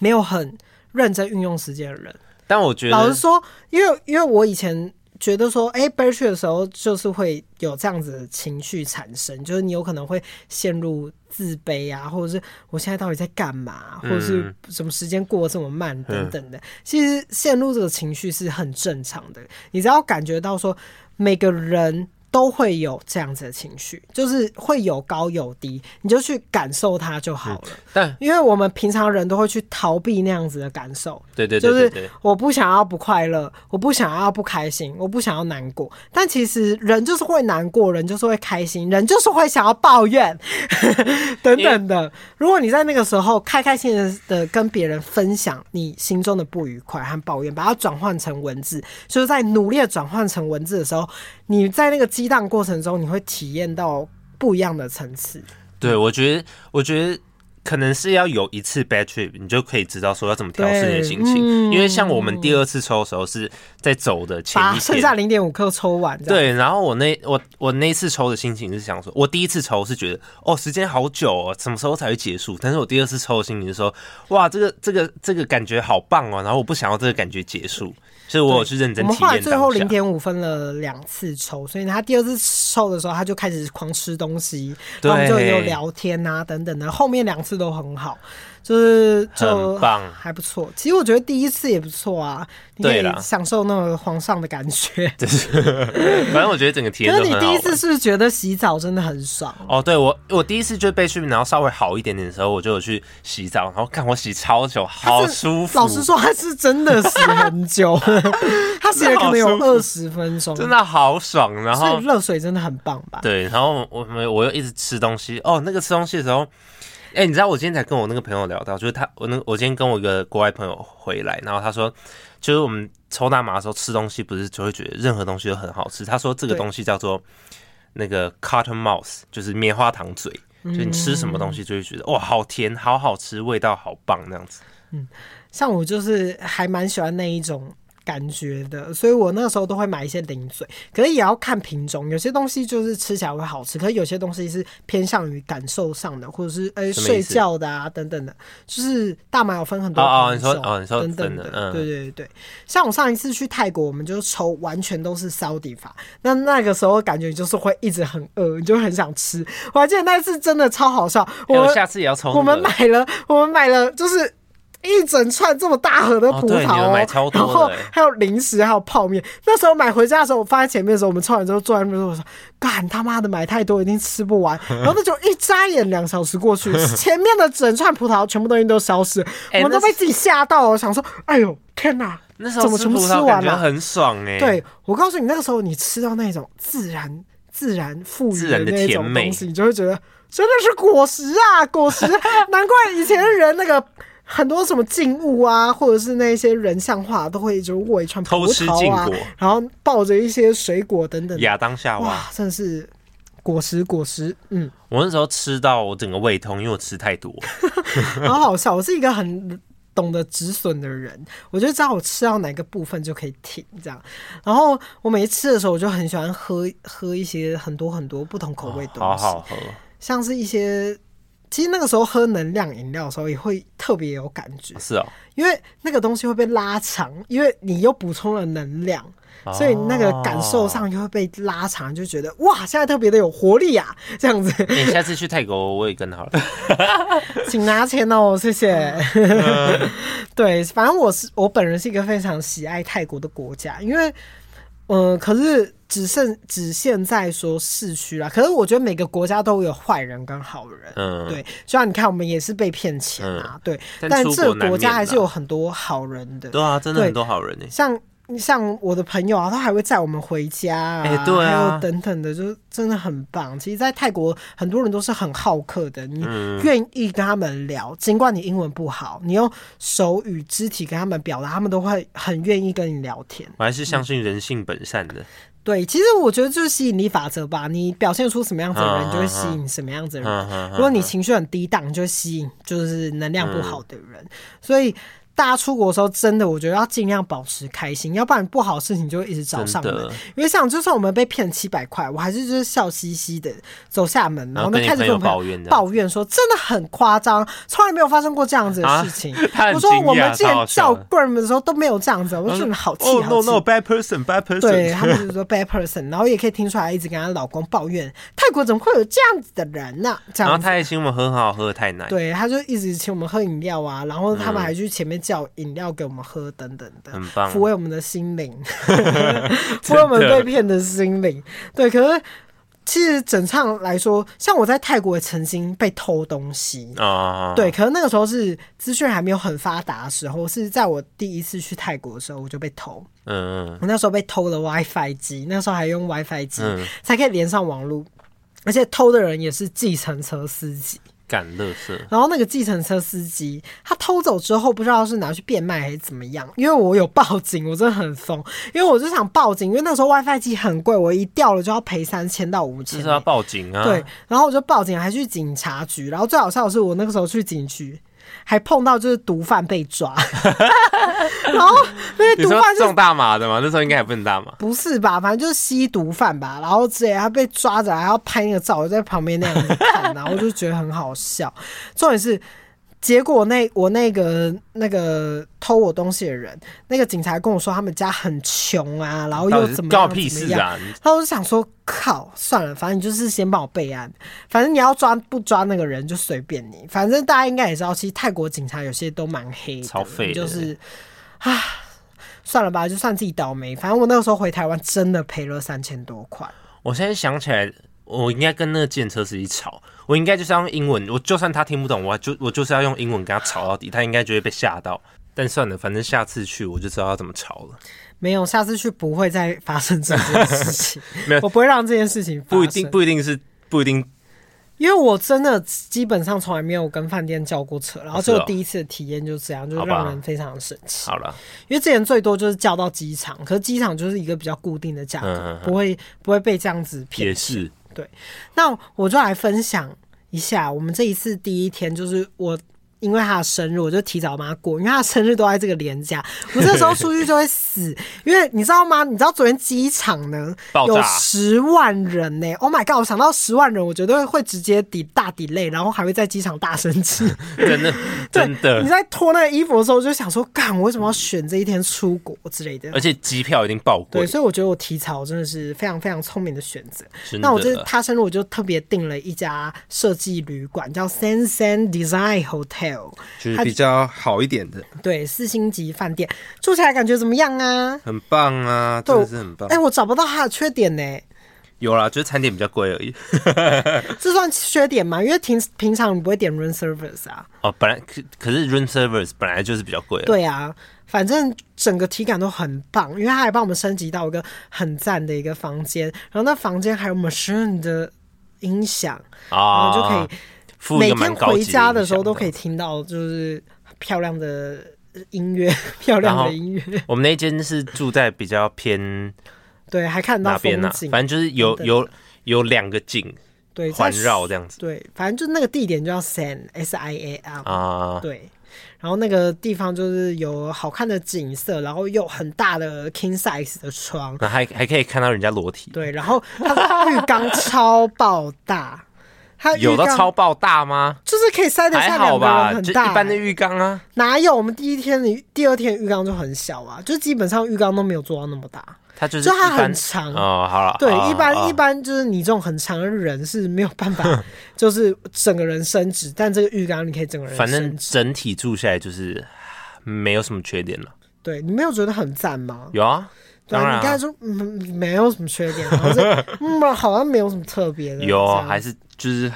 沒有很認真運用時間的人。但我覺得，老實說，因為因為我以前覺得說，哎、欸，悲劇的時候就是會有這樣子的情緒產生，就是你有可能會陷入自卑啊，或者是我現在到底在幹嘛，或者是什麼時間過得這麼慢等等的。嗯嗯，其實陷入這個情緒是很正常的，你只要感覺到說每個人。都會有這樣子的情緒，就是會有高有低，你就去感受它就好了，嗯。但因為我們平常人都會去逃避那樣子的感受，對對對，對，就是我不想要不快樂，我不想要不開心，我不想要難過。但其實人就是會難過，人就是會開心，人就是會想要抱怨 [laughs] 等等的。如果你在那個時候開開心心的跟別人分享你心中的不愉快和抱怨，把它轉換成文字，就是在努力的轉換成文字的時候。你在那個激盪過程中，你會體驗到不一樣的層次。對，我覺得，我覺得可能是要有一次 bad trip，你就可以知道說要怎麼調適你的心情，嗯。因為像我們第二次抽的時候是。在走的前把剩下零點五克抽完。對，然後我那我我那一次抽的心情是想說，我第一次抽是覺得哦，時間好久哦，什麼時候才會結束？但是我第二次抽的心情是說，哇，這個這個這個感覺好棒哦，然後我不想要這個感覺結束，所以我有去認真體驗我們畫最後零點五分了兩次抽，所以他第二次抽的時候，他就開始狂吃東西，然後就有聊天啊等等的，後面兩次都很好。就是就很棒，還不錯。其實我覺得第一次也不錯啊，對啦，你享受那個皇上的感覺。就是，反正我覺得整個體驗都很，可是你第一次是不是覺得洗澡真的很爽？哦，對，我我第一次就被訓，然後稍微好一點點的時候，我就有去洗澡，然後看我洗超久，好舒服。老實說，他是真的洗很久， [laughs] [laughs] 他洗了可能有二十分鐘，真的好爽。然後熱水真的很棒吧？對，然後我們我又一直吃東西哦，那個吃東西的時候。哎、欸，你知道我今天才跟我那個朋友聊到，就是他，我那我今天跟我一個國外朋友回來，然後他說，就是我們抽大麻的時候吃東西，不是就會覺得任何東西都很好吃。他說這個東西叫做那個 cotton mouth 就是棉花糖嘴，就是，你吃什麼東西就會覺得、嗯、哇，好甜，好好吃，味道好棒那樣子。嗯，像我就是還蠻喜歡那一種感覺的，所以我那時候都會買一些零嘴，可是也要看品種，有些東西就是吃起來會好吃，可是有些東西是偏向於感受上的，或者是誒、欸、睡覺的啊等等的，就是大麻有分很多品種、哦哦哦、等等的，嗯、對對對，像我上一次去泰國，我們就是抽完全都是 Sativa，那那個時候感覺就是會一直很餓，你就會很想吃。我還記得那次真的超好笑，我們、欸、我下次也要抽。我們買了，我們買了就是。一整串這麼大盒的葡萄哦、喔，然後還有零食，還有泡麵。那時候買回家的時候，我放在前面的時候，我們吃完之後坐在那邊說：“我說，幹他媽的買太多，一定吃不完。”然後那種一眨眼，兩小時過去，前面的整串葡萄全部東西都消失，我都被自己嚇到了，我想說：“哎呦天吶，那時候怎麼全部吃完了？”很爽哎！對，我告訴你，那個時候你吃到那種自然、自然賦予的那種東西，你就會覺得真的是果實啊，果實，難怪以前的人那個。 [laughs] 很多什麼靜物啊，或者是那些人像畫，都會就握一串葡萄啊，偷吃禁果，然後抱着一些水果等等。亞當夏娃，真的是果實果實。嗯，我那時候吃到我整個胃痛，因為我吃太多， [laughs] 好好笑。我是一個很懂得止損的人， [laughs] 我覺得只要我吃到哪個部分就可以停這樣。然後我每一次的時候，我就很喜歡喝喝一些很多很多不同口味的東西，哦、好好喝，像是一些。其實那個時候喝能量飲料的時候也會特別有感覺，是哦、喔，因為那個東西會被拉長，因為你又補充了能量、哦，所以那個感受上就會被拉長，就覺得哇，現在特別的有活力啊，這樣子。你、欸、下次去泰國我也跟好了， [laughs] 請拿錢哦，謝謝。 [laughs] 對，反正我是我本人是一個非常喜愛泰國的國家，因為。呃、嗯、可是只剩只限在說市區啦。可是我覺得每個國家都有壞人跟好人、嗯，對。雖然你看我們也是被騙錢啊、嗯，對，但這個國家還是有很多好人的。嗯、對，對啊，真的很多好人、欸、像。像我的朋友啊，他還會載我們回家啊、欸、對啊，還有等等的，就真的很棒。其實，在泰國，很多人都是很好客的。你願意跟他們聊，儘、嗯、管你英文不好，你用手語、肢體跟他們表達，他們都會很願意跟你聊天。我還是相信人性本善的。嗯、對，其實我覺得就是吸引力法則吧。你表現出什麼樣子的人，就會吸引什麼樣子的人。啊啊啊啊，如果你情緒很低檔，你就會吸引就是能量不好的人。嗯、所以。大家出國的時候，真的我覺得要儘量保持開心，要不然不好的事情就一直找上門。因為像就算我們被騙七百塊，我還是就是笑嘻嘻的走廈門，然後呢開始跟我們朋友抱怨說,、啊、抱怨說真的很誇張，從來沒有發生過這樣子的事情。啊、我說我們之前叫 Grab 的時候都沒有這樣子，啊、我就很好氣。哦，no no bad person bad person，對他們就說 bad person，然後也可以聽出來一直跟她老公抱怨泰國怎麼會有這樣子的人呢、啊？然後他也請我們喝很好喝的泰奶，對，他就一直請我們喝飲料啊，然後他們還去前面。叫飲料給我們喝，等等的，撫慰我們的心靈，撫 [laughs] 慰真的 [laughs] 我們被騙的心靈。對，可是其實整場來說，像我在泰國也曾經被偷東西啊、哦。對，可是那個時候是資訊還沒有很發達的時候，是在我第一次去泰國的時候，我就被偷。嗯嗯。我那時候被偷了 WiFi 機，那時候還用 WiFi 機、嗯、才可以連上網絡，而且偷的人也是計程車司機。感垃圾，然後那個計程車司機他偷走之後，不知道是拿去變賣還是怎麼樣，因為我有報警，我真的很瘋，因為我就想報警，因為那時候 WiFi 機很貴，我一掉了就要賠三千到五千，是要報警啊，對，然後我就報警，還去警察局，然後最好笑的是我那個時候去警局。還碰到就是毒販被抓 [laughs] [laughs] 然後因為毒販、就是種大麻的嘛，那時候應該也不能大麻，不是吧？反正就是吸毒販吧，然後直接他被抓着，還要拍那個照，我在旁邊那樣子看，然後我就覺得很好笑。 [laughs] 重點是。結果那我那個我、那個、那個偷我東西的人，那個警察跟我說他們家很窮啊，然後又怎麼告屁事、啊、怎麼啊，他我就想說，靠，算了，反正你就是先幫我備案，反正你要抓不抓那個人就隨便你。反正大家應該也知道，其實泰國警察有些都蠻黑，超廢就是啊，算了吧，就算自己倒霉。反正我那個時候回台灣，真的賠了三千多塊。我現在想起來，我應該跟那個計程車司機吵，我應該就是要用英文，我就算他聽不懂，我就我就是要用英文跟他吵到底，他應該就會被嚇到。但算了，反正下次去我就知道要怎麼吵了。沒有，下次去不會再發生這件事情。 [laughs] 沒有，我不會讓這件事情發生。不一定，不一定是，不一定，因為我真的基本上從來沒有跟飯店叫過車，然後就第一次的體驗就是這樣，就讓人非常的生氣。好了，因為之前最多就是叫到機場，可是機場就是一個比較固定的價格，嗯啊啊，不會不會被這樣子騙。也是。對，那我就來分享一下我們這一次第一天，就是我。因為他的生日，我就提早幫他過，因為他的生日都在這個連假，我這時候出去就會死。 [laughs] 因為你知道嗎？你知道昨天機場呢爆炸有十萬人呢、欸、？Oh my god！我想到十萬人，我覺得會直接大 delay，然後還會在機場大聲吃，真的 [laughs] 對，真的。你在脫那個衣服的時候，我就想說：“幹，我為什麼要選這一天出國之類的？”而且機票已經爆貴，所以我覺得我提早真的是非常非常聰明的選擇。那我這，他生日，我就特別訂了一家設計旅館，叫 San San Design Hotel。就是比較好一點的，對，四星級飯店住起來感覺怎麼樣啊？很棒啊，對真的是很棒。哎、欸，我找不到它的缺點呢、欸。有啦，就是餐點比較貴而已， [laughs] 這算缺點嗎？因為平平常你不會點 room service 啊。哦，本來可可是 room service 本來就是比較貴、啊。對啊，反正整個體感都很棒，因為它還幫我們升級到一個很讚的一個房間，然後那房間還有 machine 的音響啊，然後就可以。哦哦哦一每天回家的時候都可以聽到，就是漂亮的音樂， [laughs] 漂亮的音樂。 [laughs] 我們那間是住在比較偏 [laughs] ，對，還看到那邊呢，反正就是有對對對有有兩個景，對，環繞這樣子。對，反正就那個地點叫 San S I A M。啊，對。然後那個地方就是有好看的景色，然後又很大的 King size 的窗。那還還可以看到人家裸體。對，然後它的浴缸超爆大。 [laughs] 它有的超爆大嗎？就是可以塞得下兩個人，很大、欸。一般的浴缸啊，哪有？我們第一天、第二天浴缸就很小啊，就是、基本上浴缸都沒有做到那麼大。它就是它很長。哦，好啦，對，哦、一般、哦、一般就是你這種很長的人是沒有辦法，就是整個人伸直。 [laughs] 但這個浴缸你可以整個人，反正整體住下來就是沒有什麼缺點了。對你沒有覺得很讚嗎？有啊。啊對啊，你看就說、嗯、沒沒有什麼缺點，好像，嗯，好像沒有什麼特別的。 [laughs] 有還是就是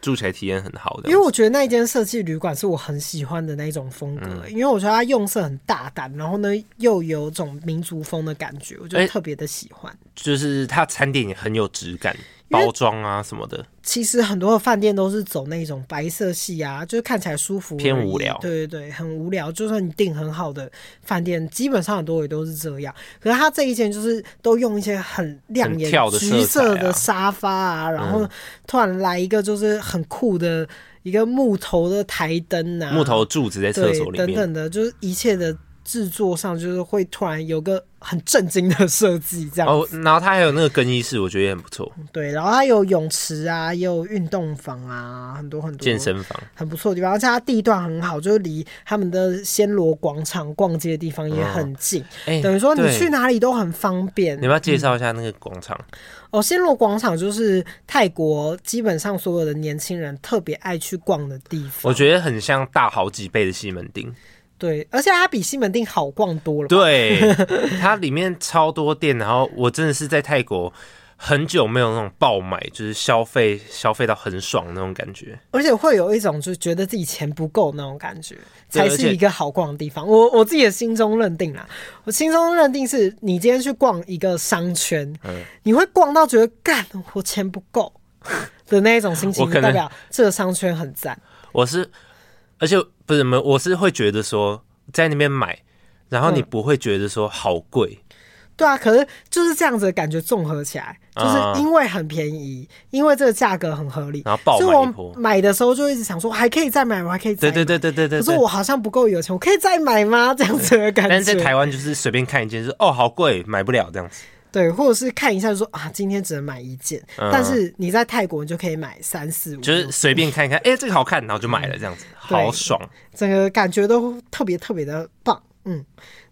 住起來體驗很好的。因為我覺得那間設計旅館是我很喜歡的那一種風格、嗯，因為我覺得它用色很大膽，然後呢又有種民族風的感覺，我就特別的喜歡、欸。就是它餐點也很有質感。包裝啊什麼的，其實很多的飯店都是走那種白色系啊，就是看起來舒服，偏無聊。對對對，很無聊。就算你訂很好的飯店，基本上很多也都是這樣。可是他這一間就是都用一些很亮眼、橘色的沙發啊，然後突然來一個就是很酷的一個木頭的檯燈啊，木頭的柱子在廁所裡面對，等等的，就是一切的。製作上就是會突然有個很震驚的設計，這樣。哦，然後它還有那個更衣室，我覺得也很不錯。對，然後它有泳池啊，也有運動房啊，很多很多健身房，很不錯的地方。而且它地段很好，就是離他們的暹羅廣場逛街的地方也很近。嗯哦欸、等於說你去哪裡都很方便。嗯、你要介紹一下那個廣場哦，暹羅廣場就是泰國基本上所有的年輕人特別愛去逛的地方。我覺得很像大好幾倍的西門町。對，而且它比西門町好逛多了。對， [laughs] 它裡面超多店，然後我真的是在泰國很久沒有那種爆買，就是消費消費到很爽那種感覺。而且會有一種就是覺得自己錢不夠那種感覺，才是一個好逛的地方。我我自己也心中認定了，我心中認定是你今天去逛一個商圈，嗯、你會逛到覺得幹，我錢不夠的那一種心情，代表這個商圈很讚。我是，而且。不是，沒我是會覺得說在那邊買，然後你不會覺得說好貴、嗯。對啊，可是就是這樣子的感覺綜合起來，就是因為很便宜，啊、因為這個價格很合理。然後爆買一波。買的時候就一直想說，還可以再買，我還可以再買。對對對對對,對,對,對,對可是我好像不夠有錢，我可以再買嗎？這樣子的感覺。嗯、但是在台灣就是隨便看一件就是哦，好貴，買不了這樣子。對，或者是看一下說，就說啊，今天只能買一件，嗯、但是你在泰國你就可以買三四五，就是隨便看一看，哎、欸，這個好看，然後就買了、嗯、這樣子，好爽，整個感覺都特別特別的棒，嗯，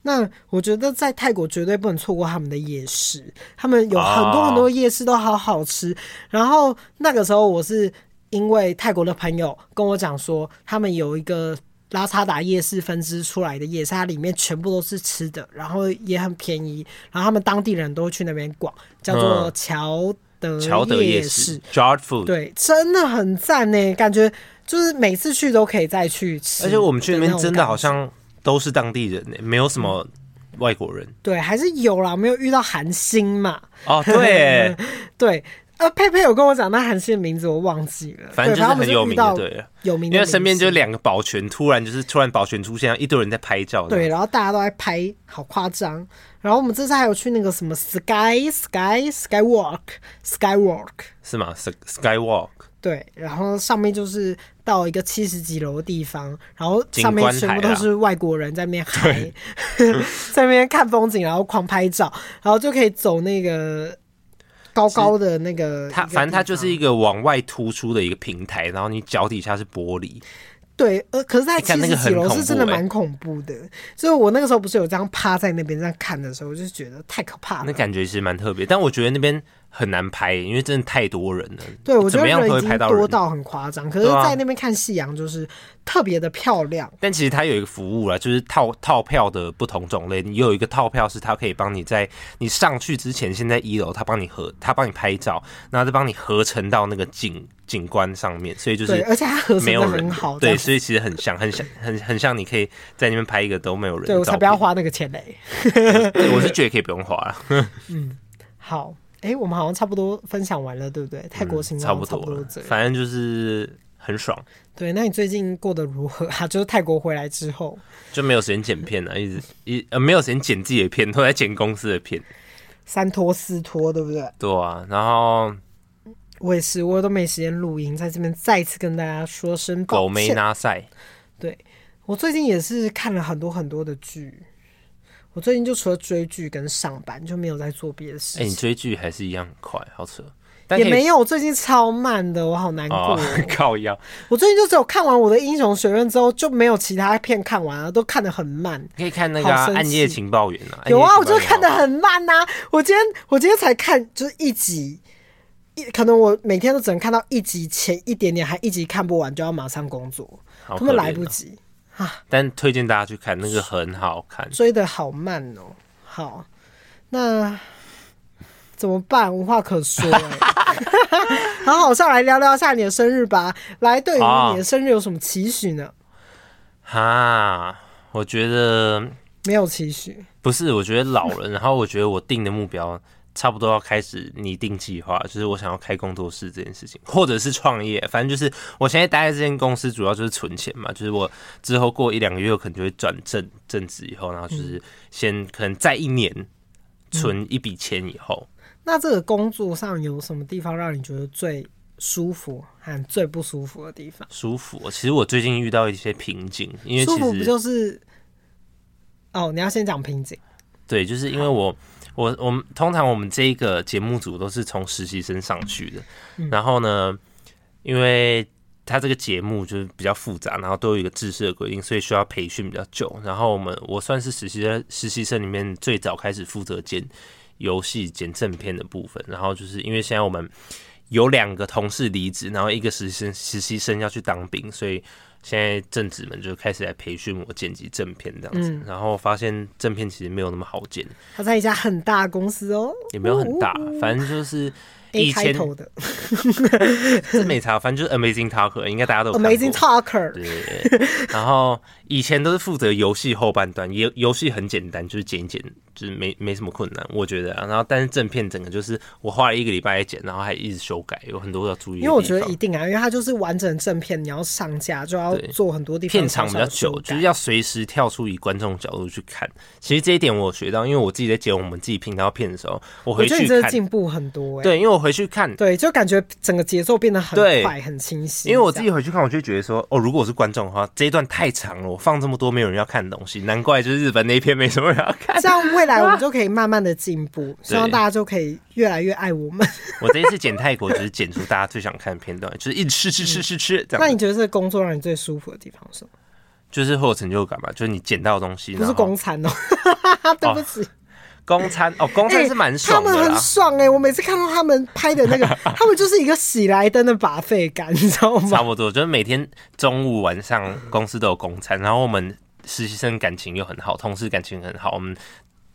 那我覺得在泰國絕對不能錯過他們的夜市，他們有很多很多夜市都好好吃、哦，然後那個時候我是因為泰國的朋友跟我講說，他們有一個。拉差達夜市分支出來的夜市，它裡面全部都是吃的，然後也很便宜，然後他們當地人都去那邊逛，叫做喬德夜市、嗯、喬德夜市 Jard Food，對，food. 真的很讚呢，感覺就是每次去都可以再去吃的的，而且我們去那邊真的好像都是當地人，沒有什麼外國人，對，還是有啦，沒有遇到韓星嘛，哦，對， [laughs] 對。呃，佩佩有跟我講那韓星的名字，我忘記了。反正就是很有名的，對，有名的。因為身邊就兩個保全，突然就是突然保全出現，一堆人在拍照。對，然後大家都在拍，好誇張。然後我們這次還有去那個什麼 Sky Sky Skywalk Skywalk 是嗎？Skywalk 對，然後上面就是到一個七十幾樓的地方，然後上面全部都是外國人在那邊嗨， [laughs] [laughs] 在那邊看風景，然後狂拍照，然後就可以走那個。高高的那個，個，它反正它就是一個往外突出的一個平台，然後你腳底下是玻璃，對，呃，可是它那個幾樓是真的蠻恐怖的、欸，所以我那個時候不是有這樣趴在那邊這樣看的時候，我就覺得太可怕了，那感覺其實蠻特別，但我覺得那邊。很難拍，因為真的太多人了。對，我覺得人已經多到很誇張，怎麼拍到人，多到很誇張。可是在那邊看夕陽，就是特別的漂亮啊。但其實它有一個服務啦，就是套套票的不同種類，你有一個套票是它可以幫你在，在你上去之前，先在一樓它幫你合，他幫你拍照，然後再幫你合成到那個景景觀上面。所以就是，而且它合成的很好。對，所以其實很像，很像，很 [laughs] 很像，你可以在那邊拍一個都沒有人。對，我才不要花那個錢嘞 [laughs] 。我是覺得可以不用花啦。 [laughs] 嗯，好。哎、欸，我們好像差不多分享完了，對不對？泰國行程差、嗯、差不多了，反正就是很爽。對，那你最近過得如何啊？就是泰國回來之後就沒有時間剪片了，啊，一直一呃沒有時間剪自己的片，都在剪公司的片。三拖四拖，對不對？對啊。然後我也是，我都沒時間錄音，在這邊再次跟大家說聲抱歉。狗沒拿賽。對，我最近也是看了很多很多的劇。我最近就除了追劇跟上班，就沒有在做別的事情。哎、欸，你追劇還是一樣快，好扯但。也沒有，我最近超慢的，我好難過、哦哦靠腰。我最近就只有看完我的《英雄學院》之後，就沒有其他片看完了，都看得很慢。可以看那個、啊《暗夜情報員、啊》有啊，好好好，我就看得很慢吶、啊。我今天我今天才看，就是一集。一可能我每天都只能看到一集前一點點，還一集看不完就要馬上工作，根本、啊、來不及。但推薦大家去看，那個很好看、啊。追得好慢哦、喔，好，那怎麼辦？無話可說、欸。 [laughs] [laughs] 好，好，上來聊聊下你的生日吧。來，對於你的生日有什麼期許呢、啊？哈，我覺得沒有期許。不是，我覺得老了， [laughs] 然後我覺得我定的目標。差不多要開始擬定計劃，就是我想要開工作室這件事情，或者是創業，反正就是我現在待在這間公司，主要就是存錢嘛。就是我之後過一兩個月，我可能就會轉正正職，以後然後就是先可能再一年存一筆錢以後。嗯，那這個工作上有什麼地方讓你覺得最舒服，和最不舒服的地方？舒服，其實我最近遇到一些瓶頸，因為舒服不就是哦？你要先講瓶頸。對，就是因為我我我們通常我們這一個節目組都是從實習生上去的，然後呢，因為他這個節目就是比較複雜，然後都有一個制式的規定，所以需要培訓比較久。然後我們我算是實習生實習生裡面最早開始負責剪遊戲剪正片的部分。然後就是因為現在我們有兩個同事離職，然後一個實習生實習生要去當兵，所以。現在正職們就開始來培訓我剪輯正片這樣子、嗯，然後發現正片其實沒有那麼好剪。他在一家很大公司哦，也沒有很大，哦哦哦反正就是以前頭的。 [laughs] [laughs] 是沒差。反正就是 Amazing Talker，應該大家都有看過 Amazing Talker，對。 [laughs] 然後以前都是負責遊戲後半段，遊遊戲很簡單，就是剪一剪。就是沒沒什麼困難，我覺得啊。然後，但是正片整個就是我花了一個禮拜來剪，然後還一直修改，有很多要注意。因為我覺得一定啊，因為它就是完整的正片，你要上架就要做很多地方少少少。片長比較久，就是要隨時跳出以觀眾角度去看。其實這一點我有學到，因為我自己在剪我們自己頻道片的時候，我回去看進步很多、欸。對，因為我回去看，對，就感覺整個節奏變得很快，很清晰。因為我自己回去看，我就覺得說，哦，如果我是觀眾的話，這一段太長了，我放這麼多沒有人要看的東西，難怪就是日本那片沒什麼人要看。這樣。未來我們就可以慢慢的進步、啊，希望大家就可以越來越愛我們。 [laughs] 我這一次剪泰國，就是剪出大家最想看的片段，就是一直吃吃吃吃吃、嗯、那你覺得這工作讓你最舒服的地方是嗎？就是會有成就感嘛，就是你撿到東西。都是公餐哦、喔， [laughs] 對不起，公餐哦，公餐、哦、餐是蠻爽的、啊欸，他們很爽哎、欸！我每次看到他們拍的那個，他們就是一個喜來登的 buffet 感， [laughs] 你知道嗎？差不多，就是每天中午晚上公司都有公餐，然後我們實習生感情又很好，同事感情很好，我們。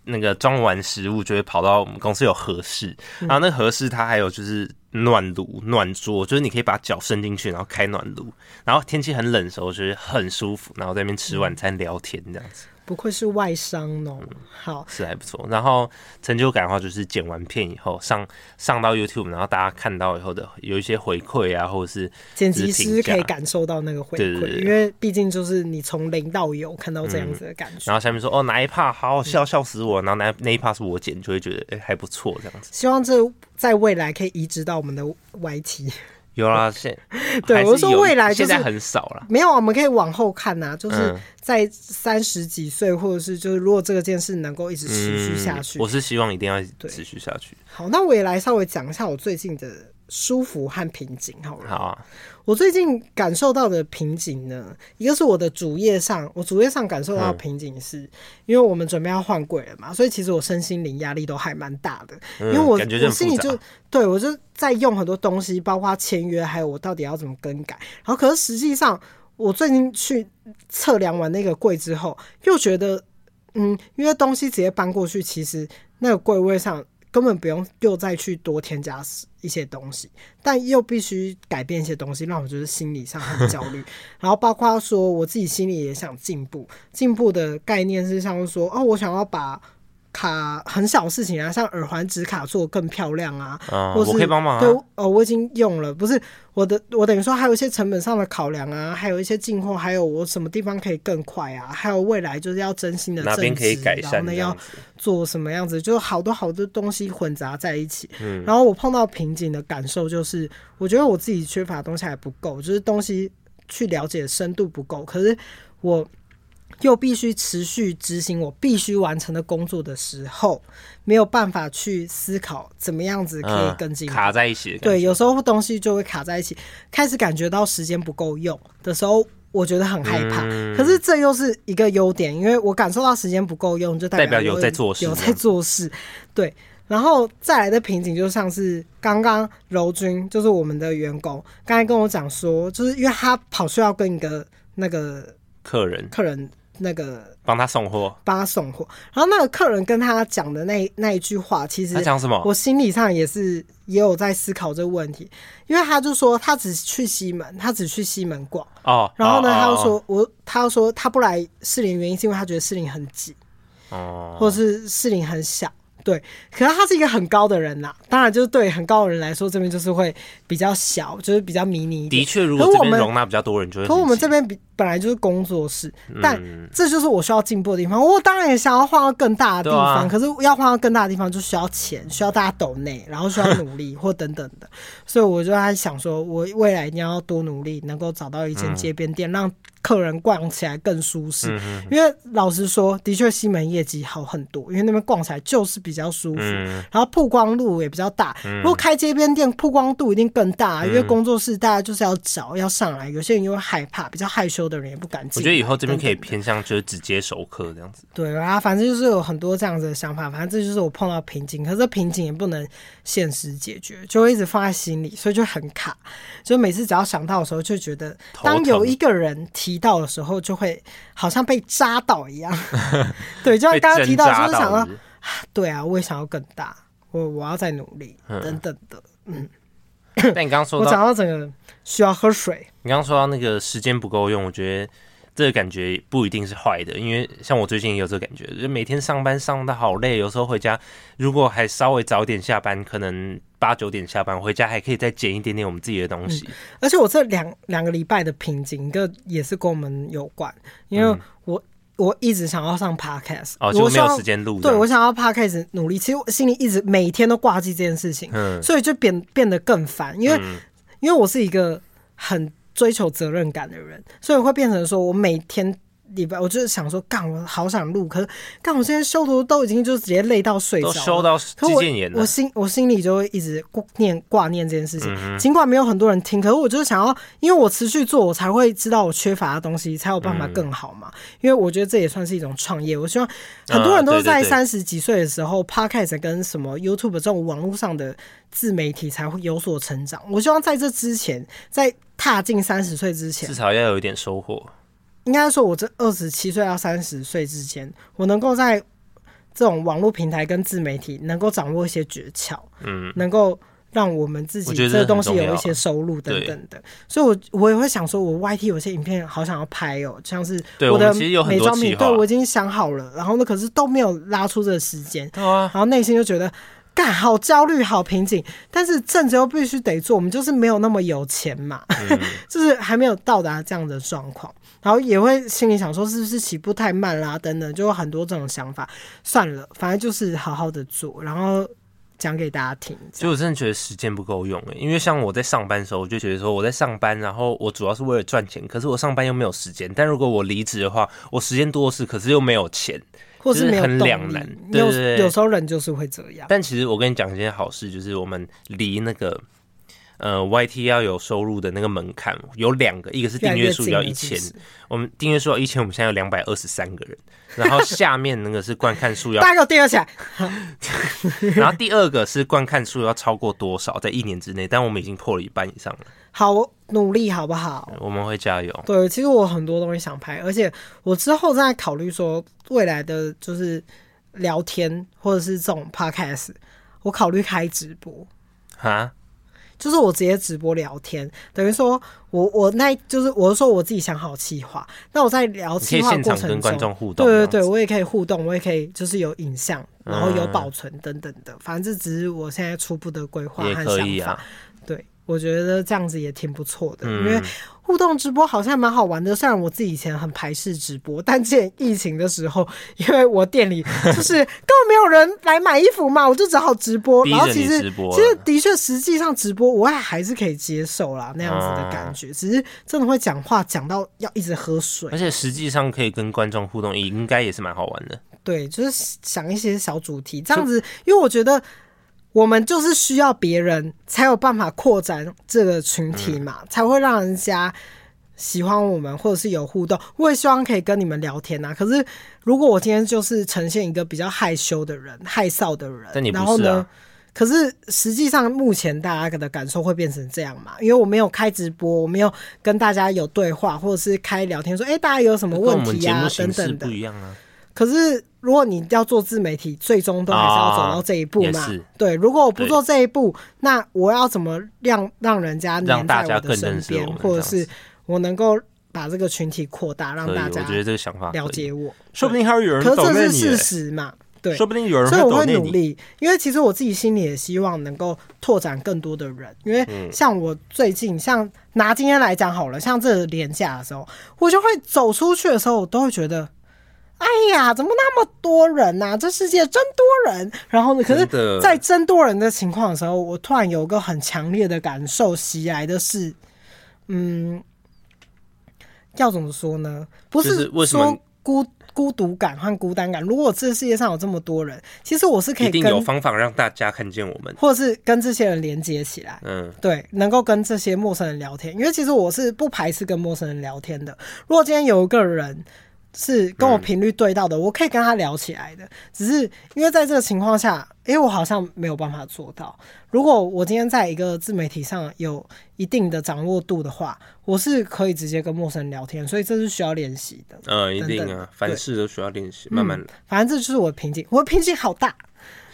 那個裝完食物就會跑到我們公司有合適、嗯，然後那合適它還有就是。暖爐、暖桌，就是你可以把腳伸進去，然後開暖爐，然後天氣很冷的時候，就是很舒服，然後在那邊吃晚餐、聊天、嗯、這樣子。不愧是外商哦，嗯、好是還不錯。然後成就感的話，就是剪完片以後，上上到 YouTube，然後大家看到以後的有一些回饋啊，或者是剪輯師可以感受到那個回饋對對對對，因為畢竟就是你從零到有看到這樣子的感覺。嗯嗯、然後下面說哦哪一 part 好好笑，笑死我，嗯、然後那那一 part 是我剪，就會覺得哎、欸、還不錯這樣子。希望這。在未來可以移植到我們的 YT，有啊，現 [laughs] 對，是，我說未來，就是，現在很少了，沒有，我們可以往後看吶、啊，就是在三十幾歲，或者是就是如果這個件事能夠一直持續下去，嗯，我是希望一定要對持續下去。好，那我也來稍微講一下我最近的。舒服和平靜。好了。好、啊，我最近感受到的瓶頸呢，一個是我的主業上，我主業上感受到瓶頸是、嗯、因為我們準備要換櫃了嘛，所以其實我身心靈壓力都還蠻大的、嗯。因為我我心裡就對，我就在用很多東西，包括簽約，還有我到底要怎麼更改。然後，可是實際上我最近去測量完那個櫃之後，又覺得嗯，因為東西直接搬過去，其實那個櫃位上。根本不用又再去多添加一些東西，但又必須改變一些東西，讓我覺得心理上很焦慮。 [laughs] 然後包括說我自己心裡也想進步，進步的概念是像是說哦，我想要把。卡很小的事情啊，像耳環紙卡做更漂亮啊，啊或是我可以幫忙啊。對，哦，我已經用了，不是我的，我等於說還有一些成本上的考量啊，還有一些進貨，還有我什麼地方可以更快啊，還有未來就是要真心的，哪邊可以改善，要做什麼樣子，就是好多好多東西混雜在一起。嗯，然後我碰到瓶頸的感受就是，我覺得我自己缺乏的東西還不夠，就是東西去了解深度不夠，可是我。又必須持續執行我必須完成的工作的時候，沒有辦法去思考怎麼樣子可以跟進、嗯，卡在一起。對，有時候東西就會卡在一起，開始感覺到時間不夠用的時候，我覺得很害怕。嗯、可是這又是一個優點，因為我感受到時間不夠用，就代表有，代表有在做事，有在做事。對，然後再來的瓶頸就像是剛剛柔君，就是我們的員工，剛才跟我講說，就是因為他跑去要跟一個那個。客人，客人，那個幫他送貨，幫他送貨。然後那個客人跟他講的那那一句話，其實他講什麼？我心理上也是也有在思考這個問題，因為他就說他只去西門，他只去西門逛哦。然後呢，哦、他又說、哦、我，他就說他不來士林，原因是因為他覺得士林很擠，哦，或是士林很小。對，可是他是一個很高的人啦。當然就是對很高的人來說，這邊就是會比較小，就是比較迷你一點。的確，如果這邊容納比較多人就，就是。我們這邊比本來就是工作室，嗯、但這就是我需要進步的地方。我當然也想要換到更大的地方，啊、可是要換到更大的地方就需要錢，需要大家抖內，然後需要努力 [laughs] 或等等的。所以我就在想，說我未來一定要多努力，能夠找到一間街邊店、嗯、讓。客人逛起來更舒適，嗯，因為老實說，的確西門業績好很多，因為那邊逛起來就是比較舒服。嗯、然後曝光度也比較大，嗯、如果開街邊店，曝光度一定更大，嗯、因為工作室大家就是要找要上來，有些人又害怕，比較害羞的人也不敢進。我覺得以後這邊可以偏向就是只接熟客這樣子等等。對啊，反正就是有很多這樣子的想法，反正這就是我碰到瓶頸，可是瓶頸也不能現實解決，就會一直放在心裡，所以就很卡。就每次只要想到的時候，就覺得當有一個人提。到的時候就會好像被扎到一樣， [laughs] 掙扎 [laughs] 對，就像大家提到，就是想到 [laughs] 啊對啊，我也想要更大，我我要再努力等等的。嗯，但你剛說，我想到整個需要喝水。你剛剛， [laughs] 你剛剛說到那個時間不夠用，我覺得這個感覺不一定是壞的，因為像我最近也有這個感覺，就每天上班上得好累，有時候回家如果還稍微早一點下班，可能。八九點下班回家還可以再撿一點點我們自己的東西，嗯、而且我這兩兩個禮拜的瓶頸，一個也是跟我們有關，因為我、嗯、我，我一直想要上 podcast，哦，我，我沒有時間錄，對，我想要 podcast 努力，其實我心裡一直每天都掛記這件事情，嗯，所以就變變得更煩，因為、嗯、因為我是一個很追求責任感的人，所以我會變成說我每天。禮拜，我就是想說，幹我好想錄，可是幹我現在修圖都已經就直接累到睡着，修到了我,我心，我心裡就會一直念掛念這件事情。儘、嗯、管沒有很多人聽，可是我就是想要，因為我持續做，我才會知道我缺乏的東西，才有辦法更好嘛。嗯、因為我覺得這也算是一種創業。我希望很多人都是在三十幾歲的時候、啊、對對對，Podcast 跟什麼 YouTube 這種網絡上的自媒體才會有所成長。我希望在這之前，在踏進三十歲之前，至少要有一點收穫。應該說，我這二十七歲到三十歲之間，我能夠在這種網絡平台跟自媒體能夠掌握一些訣竅，嗯，能夠讓我們自己這個東西這、啊、有一些收入等等的，所以我我也會想說，我 YT 有些影片好想要拍哦、喔，像是我的美妝品，對，我、啊、對我已經想好了，然後呢，可是都沒有拉出這個時間，然後內心就覺得，幹好焦慮好瓶頸，但是正職又必須得做，我們就是沒有那麼有錢嘛，嗯、 [laughs] 就是還沒有到達這樣的狀況。然後也會心裡想說是不是起步太慢啦、啊，等等，就很多這種想法。算了，反正就是好好的做，然後講給大家聽。其實我真的覺得時間不夠用，因為像我在上班的時候，我就覺得說我在上班，然後我主要是為了賺錢，可是我上班又沒有時間。但如果我離職的話，我時間多的是，可是又沒有錢，或是沒有、就是、很兩難有對對。有時候人就是會這樣。但其實我跟你講一件好事，就是我們離那個。呃，YT 要有收入的那個門檻有兩個，一個是訂閱數越來越近了、就是、要一千，我們訂閱數要一千，我們現在有兩百二十三個人， [laughs] 然後下面那個是觀看數要大家給我訂閱起來。 [laughs] 然後第二個是觀看數要超過多少，在一年之內，但我們已經破了一半以上了。好努力，好不好？我們會加油。對，其實我很多東西想拍，而且我之後正在考慮說未來的就是聊天或者是這種 podcast，我考慮開直播哈。就是我直接直播聊天，等於說我，我我那，就是我是說我自己想好企劃，那我在聊企劃的過程中可以現場跟觀眾互動，對對對，我也可以互動，我也可以就是有影像，然後有保存等等的，嗯、反正這只是我現在初步的規劃和想法。也可以啊我覺得這樣子也挺不錯的，因為互動直播好像蠻好玩的。嗯、雖然我自己以前很排斥直播，但在疫情的時候，因為我店裡就是 [laughs] 根本沒有人來買衣服嘛，我就只好直播。直播然後其實其實的確，實際上直播我還還是可以接受啦，那樣子的感覺、啊。只是真的會講話講到要一直喝水，而且實際上可以跟觀眾互動，應該也是蠻好玩的。對，就是想一些小主題，這樣子，因為我覺得。我們就是需要別人才有辦法擴展這個群體嘛、嗯，才會讓人家喜歡我們，或者是有互動。我也希望可以跟你們聊天啊。可是如果我今天就是呈現一個比較害羞的人、害臊的人、啊，然後呢？可是實際上目前大家的感受會變成這樣嘛？因為我沒有開直播，我沒有跟大家有對話，或者是開聊天，說哎、欸，大家有什麼問題啊？等等的。可是，如果你要做自媒體，最終都還是要走到這一步嘛。啊，也是？對，如果我不做這一步，那我要怎麼讓讓人家黏在我的身邊，讓大家更認識我，或者是我能夠把這個群體擴大，讓大家了解我？我說不定還有人。可是這是事實嘛？對，說不定有人會。所以我會努力，因為其實我自己心裡也希望能夠拓展更多的人。因為像我最近，像拿今天來講好了，像這連假的時候，我就會走出去的時候，我都會覺得。哎呀，怎麼那麼多人啊？這世界真多人。然後呢？可是，在真多人的情況的時候，我突然有個很強烈的感受襲來的是，嗯，要怎麼說呢？不是說、就是、為什麼孤孤獨感和孤單感？如果這個世界上有這麼多人，其實我是可以跟，一定有方法讓大家看見我們，或者是跟這些人連接起來。嗯，對，能夠跟這些陌生人聊天，因為其實我是不排斥跟陌生人聊天的。如果今天有一個人。是跟我頻率對到的，嗯，我可以跟他聊起來的。只是因為在這個情況下，因、欸、為我好像沒有辦法做到。如果我今天在一個自媒體上有一定的掌握度的話，我是可以直接跟陌生人聊天。所以這是需要練習的。嗯，一定啊，凡事都需要練習，慢慢來，嗯。反正這就是我的瓶頸，我的瓶頸好大，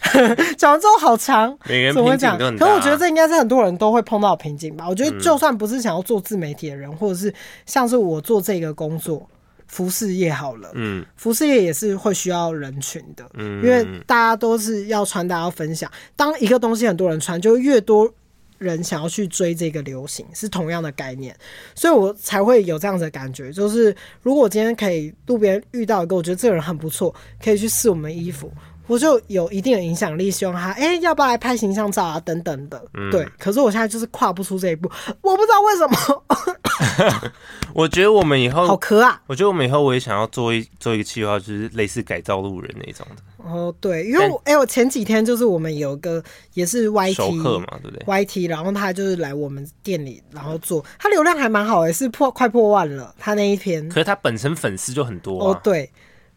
講完之後好長。怎麼講？可是我覺得這應該是很多人都會碰到瓶頸吧？我覺得就算不是想要做自媒體的人，嗯、或者是像是我做這個工作，服飾業好了，嗯，服飾業也是會需要人群的，嗯，因為大家都是要穿搭要分享，當一個東西很多人穿，就越多人想要去追這個流行，是同樣的概念，所以我才會有這樣子的感覺，就是如果我今天可以路邊遇到一個，我覺得這個人很不錯，可以去試我們衣服。我就有一定的影響力，希望他哎、欸，要不要來拍形象照啊，等等的、嗯。對，可是我現在就是跨不出這一步，我不知道為什麼。 [laughs] [coughs] 我覺得我們以後好磕啊！我覺得我們以後我也想要做一做一個企劃，就是類似改造路人那一種的。哦，對，因為我哎，欸、我前幾天就是我們有個也是 YT 嘛，對不對？YT，然後他就是來我們店裡，然後做、嗯、他流量還蠻好的，是破快破萬了。他那一篇，可是他本身粉絲就很多、啊。哦，對。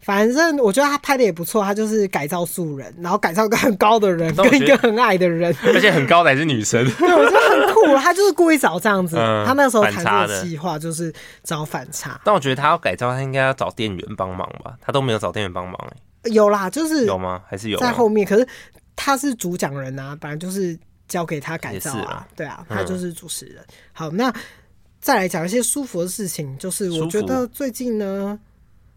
反正我覺得他拍的也不錯，他就是改造素人，然後改造一個很高的人跟一個很矮的人，而且很高的還是女生， [laughs] [laughs] 我覺得很酷。他就是故意找這樣子，嗯、他那時候談這個計劃就是找反差、反差。但我覺得他要改造，他應該要找店員幫忙吧？他都沒有找店員幫忙、欸。有啦，就是有嗎？還是有？在後面，可是他是主講人啊，本來就是交給他改造啊是。對啊，他就是主持人。嗯、好，那再來講一些舒服的事情，就是我覺得最近呢。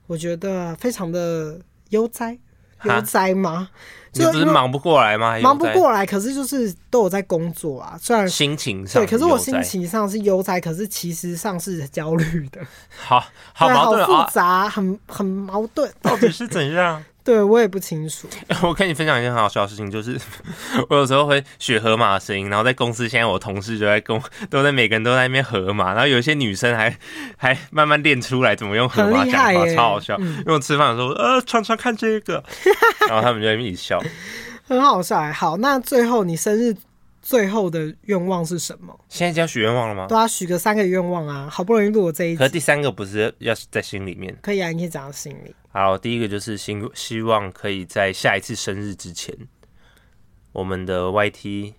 我覺得非常的悠哉，悠哉嗎？就是忙不過來嗎？忙不過來，可是就是都有在工作啊。雖然心情上，對，可是我心情上是悠哉，可是其實上是焦慮的。好好矛盾，好複雜，啊、很很矛盾。到底是怎樣？ [laughs] 對，我也不清楚。 [laughs] 我跟你分享一件很好笑的事情，就是 [laughs] 我有時候會學河馬的聲音，然後在公司，現在我同事就在公都在每個人都在那邊河馬，然後有一些女生還還慢慢練出來怎麼用河馬講話，欸，超好笑。嗯、因為我吃飯的時候，呃，嘗、啊、嘗嘗看這個， [laughs] 然後他們就在一起笑， [laughs] 很好笑，欸。好，那最後你生日最後的願望是什麼？現在就要許願望了嗎？對啊，許個三個願望啊，好不容易錄我這一。可是第三個不是要在心裡面？可以啊，你可以講到心裡。好，第一個就是希希望可以在下一次生日之前，我們的 YT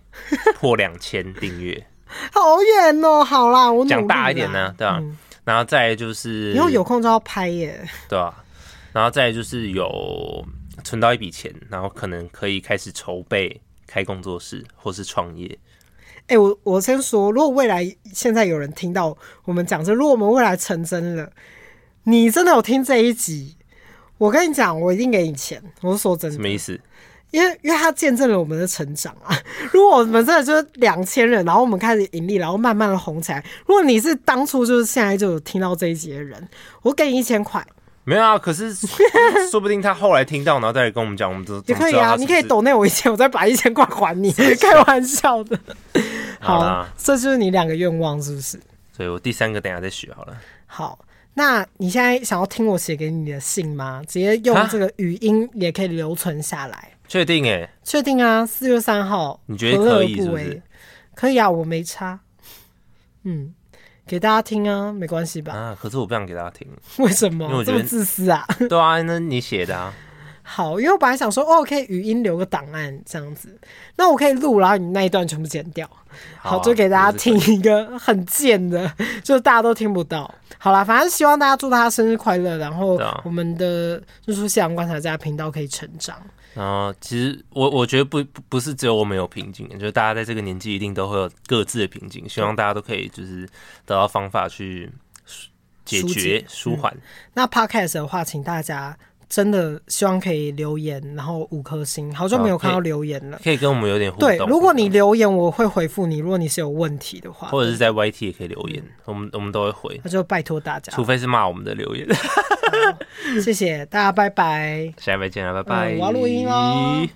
破兩千訂閱， [laughs] 好遠哦、喔！好啦，我講大一點呢、啊啊嗯就是欸，對啊。然後再就是，以後有空就要拍耶，對啊。然後再就是有存到一筆錢，然後可能可以開始籌備，開工作室或是創業。哎、欸，我我先說，如果未來現在有人聽到我們講這，如果我們未來成真了，你真的有聽這一集？我跟你講，我一定給你錢，我是說真的。什麼意思？因為因為他見證了我們的成長啊！如果我們真的就是兩千人，然後我們開始盈利，然後慢慢的紅起來。如果你是當初就是現在就有聽到這一集的人，我給你一千塊。沒有啊，可是 [laughs] 說不定他後來聽到，然後再來跟我們講，我們就也可以啊。你可以 donate 我一千，我再把一千塊還你。開玩笑的。 [laughs] 好，好啦，這就是你兩個願望，是不是？所以我第三個等下再許好了。好。那你現在想要聽我寫給你的信嗎？直接用這個語音也可以留存下來。啊？確定欸？確定啊！四月三號，你覺得可以是不是？可以啊，我沒差。嗯，給大家聽啊，沒關係吧？啊，可是我不想給大家聽。為什麼？我這麼自私啊？對啊，那你寫的啊。好，因為我本來想說，哦，可以語音留個檔案這樣子，那我可以錄，然後你那一段全部剪掉。好，好就給大家聽一個很賤的，就是以 [laughs] 就大家都聽不到。好啦，反正希望大家祝大家生日快樂，然後我們的日出夕陽觀察家頻道可以成長。然、嗯嗯、其實我我覺得不不是只有我們有瓶頸，就是、大家在這個年紀一定都會有各自的瓶頸，希望大家都可以就是得到方法去解決舒緩、嗯。那 Podcast 的話，請大家。真的希望可以留言，然後五顆星。好久沒有看到留言了，可，可以跟我們有點互動。對，如果你留言，我會回復你。如果你是有問題的話，或者是在 YT 也可以留言，嗯、我們我們都會回。那就拜託大家，除非是罵我們的留言。 [laughs] 謝謝大家，拜拜，下一位見了，拜拜。我要錄音哦。